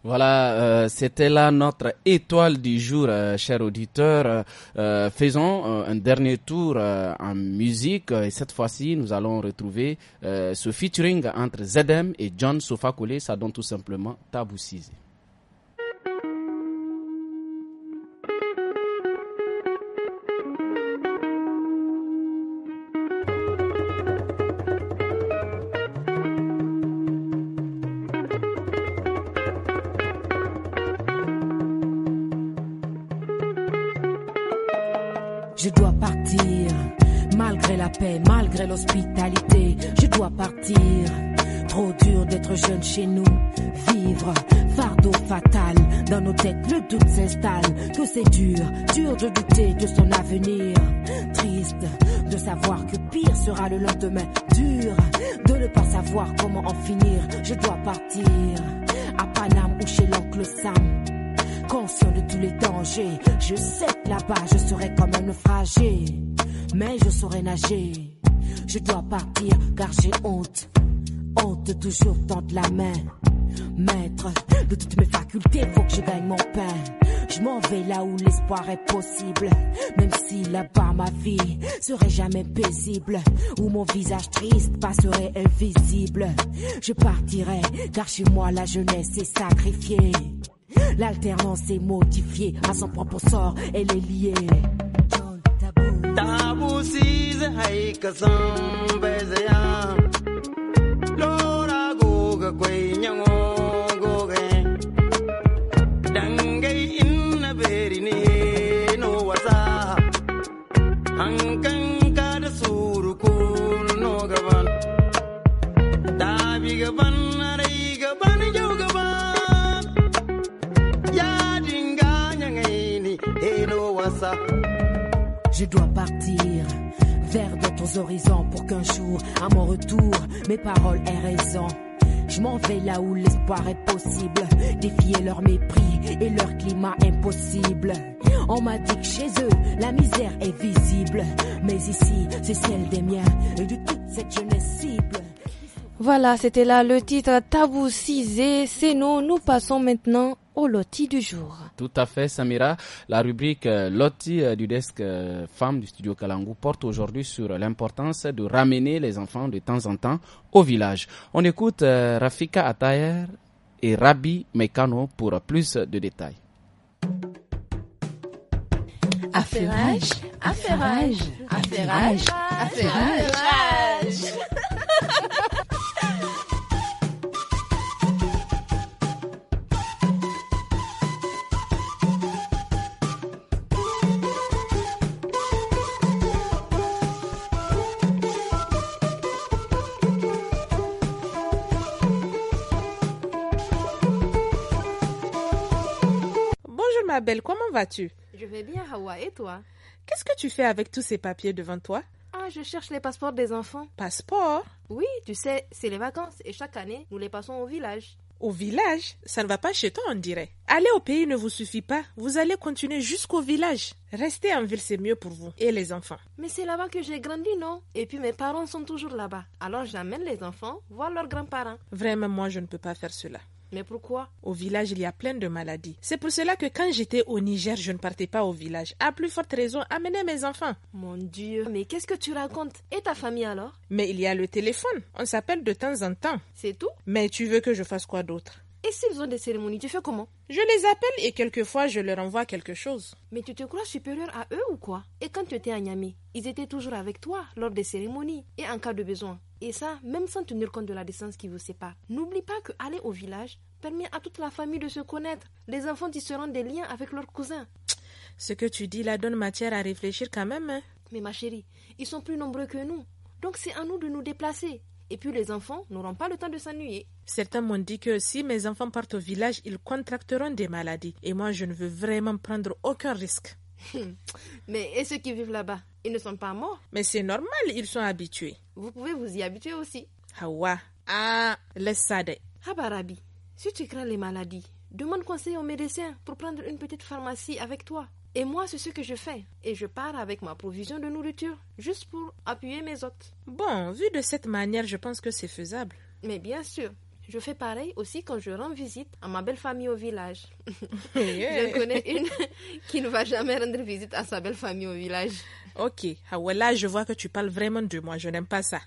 Voilà, euh, c'était là notre étoile du jour, cher euh, chers auditeurs. Euh, faisons un dernier tour en musique. Et cette fois-ci, nous allons retrouver ce featuring entre Zedem et John Sofakole. Ça donne tout simplement Tabou
moi, la jeunesse est sacrifiée. L'alternance est modifiée à son propre sort, elle est liée. Je dois partir vers d'autres horizons pour qu'un jour, à mon retour, mes paroles aient raison. Je m'en vais là où l'espoir est possible, défier leur mépris et leur climat impossible. On m'a dit que chez eux, la misère est visible, mais ici, c'est celle des miens et de toute cette jeunesse cible.
Voilà, c'était là le titre Tabou Cisé. C'est nous, nous passons maintenant loti du jour.
Tout à fait, Samira. La rubrique euh, loti euh, du desk euh, femme du studio Kalangu porte aujourd'hui sur l'importance de ramener les enfants de temps en temps au village. On écoute Rafika Atayer et Rabi Mekano pour plus de détails.
Affairage, affairage, affairage, affairage.
ma belle, comment vas-tu
Je vais bien, Hawa, et toi
Qu'est-ce que tu fais avec tous ces papiers devant toi
ah, je cherche les passeports des enfants. Passeport Oui, tu sais, c'est les vacances et chaque année, nous les passons au village. Au village
Ça ne va pas chez toi, on dirait. Aller au pays ne vous suffit pas. Vous allez continuer jusqu'au village. Rester en ville, c'est mieux pour vous et les enfants.
Mais c'est là-bas que j'ai grandi, non Et puis mes parents sont toujours là-bas. Alors j'amène les enfants voir leurs grands-parents.
Vraiment, moi, je ne peux pas faire cela. Mais pourquoi Au village, il y a plein de maladies. C'est pour cela que quand j'étais au Niger, je ne partais pas au village. À plus forte raison, amener mes enfants. Mon Dieu, mais qu'est-ce que tu racontes Et ta famille alors Mais il y a le téléphone. On s'appelle de temps en temps. C'est tout Mais tu veux que je fasse quoi d'autre
et s'ils ont des cérémonies, tu fais comment Je les appelle et quelquefois je leur envoie quelque chose. Mais tu te crois supérieur à eux ou quoi Et quand tu étais à ami, ils étaient toujours avec toi lors des cérémonies et en cas de besoin. Et ça, même sans tenir compte de la distance qui vous sépare. N'oublie pas que aller au village permet à toute la famille de se connaître. Les enfants seront des liens avec leurs cousins. Ce que tu dis là donne matière à réfléchir quand même. Hein. Mais ma chérie, ils sont plus nombreux que nous. Donc c'est à nous
de nous déplacer. Et puis les enfants n'auront pas le temps de s'ennuyer. Certains m'ont dit que si mes enfants partent au village, ils contracteront des maladies. Et moi, je ne veux vraiment prendre aucun risque.
Mais et ceux qui vivent là-bas Ils ne sont pas morts
Mais c'est normal, ils sont habitués.
Vous pouvez vous y habituer aussi. Hawa, ah, laisse ça de. Habarabi, si tu crains les maladies, demande conseil au médecin pour prendre une petite pharmacie avec toi. Et moi, c'est ce que je fais. Et je pars avec ma provision de nourriture, juste pour appuyer mes hôtes. Bon, vu de cette manière, je pense que c'est faisable. Mais bien sûr, je fais pareil aussi quand je rends visite à ma belle famille au village. je connais une qui ne va jamais rendre
visite à sa belle famille au village. Ok, Ah ouais, là, je vois que tu parles vraiment de moi, je n'aime pas ça.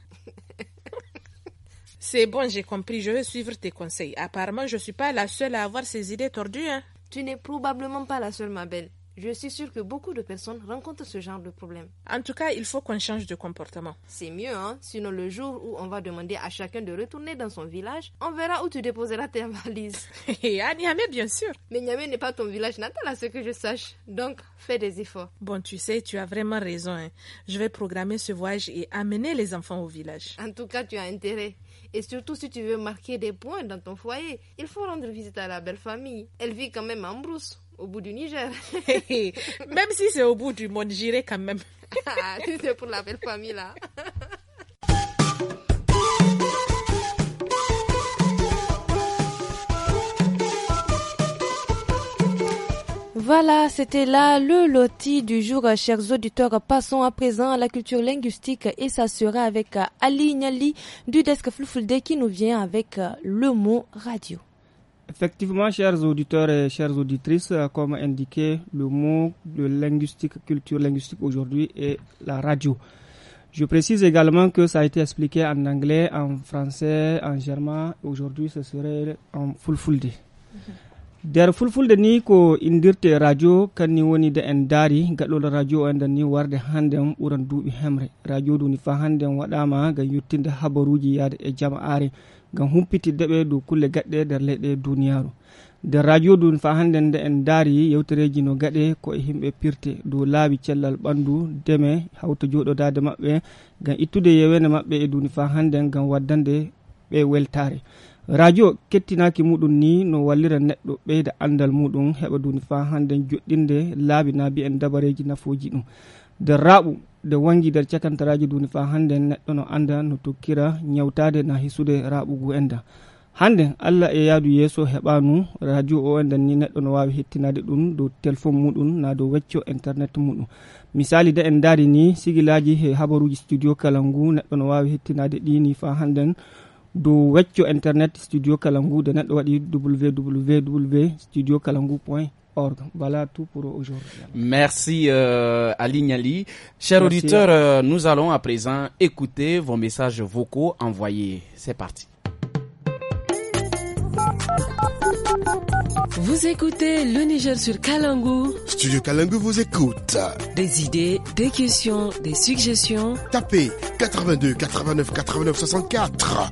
C'est bon, j'ai compris, je vais suivre tes conseils. Apparemment, je ne suis pas la seule à avoir ces idées tordues. Hein. Tu n'es probablement pas la seule, ma belle. Je suis sûre que beaucoup de
personnes rencontrent ce genre de problème.
En tout cas, il faut qu'on change de comportement.
C'est mieux, hein? sinon le jour où on va demander à chacun de retourner dans son village, on verra où tu déposeras tes valises. Et à Niamey, bien sûr. Mais Niamey n'est pas ton village natal, à ce que je sache. Donc, fais des
efforts. Bon, tu sais, tu as vraiment raison. Hein. Je vais programmer ce voyage et amener les enfants au village.
En tout cas, tu as intérêt. Et surtout, si tu veux marquer des points dans ton foyer, il faut rendre visite à la belle famille. Elle vit quand même en brousse au bout du Niger. même si
c'est au bout du monde, j'irai quand même.
Ah, c'est pour la belle famille, là.
Voilà, c'était là le loti du jour, chers auditeurs. Passons à présent à la culture linguistique et ça sera avec Ali Nali du desk Fulfulde qui nous vient avec le mot radio.
Effectivement, chers auditeurs et chères auditrices, euh, comme indiqué, le mot de linguistique, culture linguistique aujourd'hui est la radio. Je précise également que ça a été expliqué en anglais, en français, en germain. Aujourd'hui, ce serait en fulfulde. Der fulfulde ni ko indirte radio kanni woni de en gatlo la radio endani ni warde hande urandu uhemre. hemre radio duni fa wadama, wadama ga yuttinde habaruji yaade e jama'are gam humpitidde ɓeydu kulle gaɗɗe e nder leyɗe duniyaru nder radio du fa hande nde en daari yewtereji no gaɗe koye himɓe pirte dow laawi cellal ɓandu deme hawta joɗodade maɓɓe gam ittude yewene maɓɓe e duni fa handen gam waddande ɓe weltare radio kettinaki muɗum ni no wallira neɗɗo ɓeyda andal muɗum heɓa duni fa handen joɗɗinde laabi naabi en dabareji nafoji ɗum nder raɓu nde wangi nder cakantaraji duni fa hande neɗɗo no anda no tokkira ñawtade na hisude raɓugu enda hande allah e yaadu yeeso heɓanu radio o en danni neɗɗo no wawi hettinade ɗum dow téléphone muɗum na dow wecco internet muɗum misali de en daari ni sigilaji e habaruji studio kala ngu neɗɗo no wawi hettinade ɗini fa hannden dow wecco internet studio kala ngu de neɗɗo waɗi www studio kala ngu point Orgue. Voilà tout pour aujourd'hui.
Merci Alignali, euh, Chers auditeurs, euh, nous allons à présent écouter vos messages vocaux envoyés. C'est parti.
Vous écoutez le Niger sur Kalangu. Studio Kalangu vous écoute. Des idées, des questions, des suggestions. Tapez 82 89 89 64.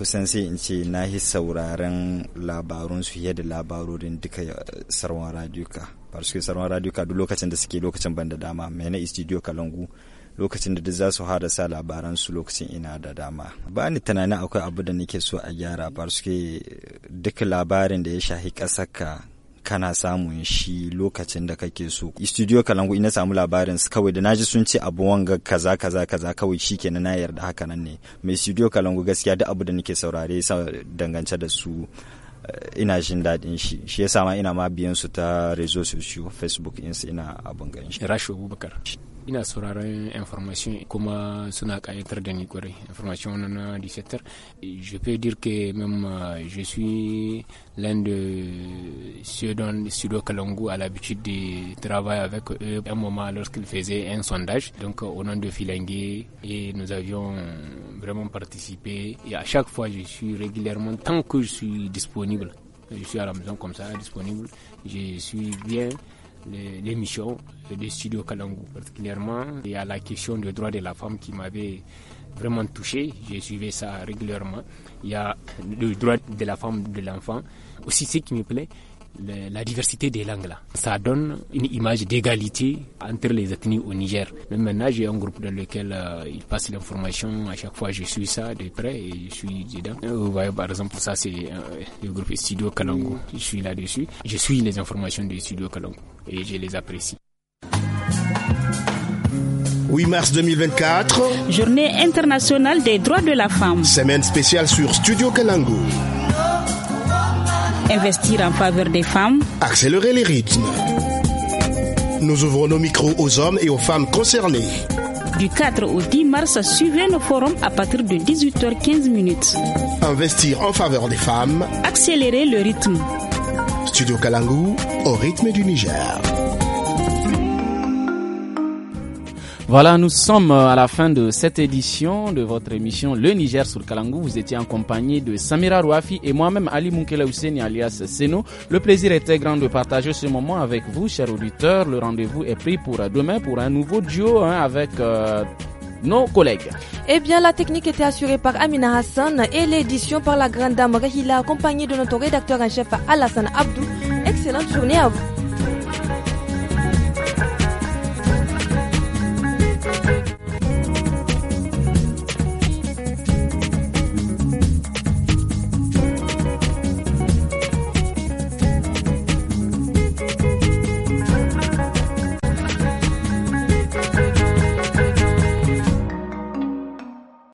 kusan sai in ce na yi sauraren labarun su fiye da labarorin duka sarwan radioka bar su sarwan radioka duk lokacin da suke lokacin banda dama mai na studio kalangu lokacin da duk za su hada sa labaran su lokacin ina da dama ba ni tunanin akwai abu da nake so a gyara bar su duka labarin da ya shahi ƙasar ka kana samun shi lokacin da kake so studio kalangu ina samu labarin su kawai da naji sun ce abu wanga kaza kaza kaza kawai shi ke na yarda haka nan ne mai studio kalangu gaskiya duk abu da nake saurare sa dangance da su eh, ina jin daɗin shi shi yasa ma ina ma biyan su ta rezo social facebook ina abun ganin shi rashu abubakar
ina information kuma suna kayatar information na 17 je peux dire que même euh, je suis l'un de ceux dont Studio a l'habitude de travailler avec eux un moment lorsqu'ils faisaient un sondage donc euh, au nom de Filangue et nous avions vraiment participé et à chaque fois je suis régulièrement tant que je suis disponible je suis à la maison comme ça disponible je suis bien l'émission des studios Kalangu. Particulièrement, il y a la question du droit de la femme qui m'avait vraiment touché. J'ai suivi ça régulièrement. Il y a le droit de la femme, de l'enfant. Aussi, ce qui me plaît, la diversité des langues là. Ça donne une image d'égalité entre les ethnies au Niger. maintenant, j'ai un groupe dans lequel euh, il ils passent l'information. À chaque fois, je suis ça de près et je suis dedans. Euh, vous voyez, par exemple, ça, c'est euh, le groupe Studio Kalangu. Je suis là-dessus. Je suis les informations du Studio Kalangu et je les apprécie. 8 mars 2024.
Journée internationale des droits de la femme. Semaine
spéciale sur Studio Kalango.
Investir en faveur des femmes. Accélérer les rythmes.
Nous ouvrons nos micros aux hommes et aux femmes concernés.
Du 4 au 10 mars, suivez nos forums à partir de 18h15 minutes.
Investir en faveur des femmes.
Accélérer le rythme.
Studio
Kalangu au rythme du Niger. Voilà, nous sommes à la fin de cette édition de votre émission Le Niger sur Kalangou. Vous étiez en compagnie de Samira Rouafi et moi-même Ali Moukela Hussein alias Seno. Le plaisir était grand de partager ce moment avec vous, chers auditeurs. Le rendez-vous est pris pour demain pour un nouveau duo hein, avec... Euh, nos collègues.
Eh bien, la technique était assurée par Amina Hassan et l'édition par la grande dame Rahila, accompagnée de notre rédacteur en chef Alassane Abdou. Excellente journée à vous.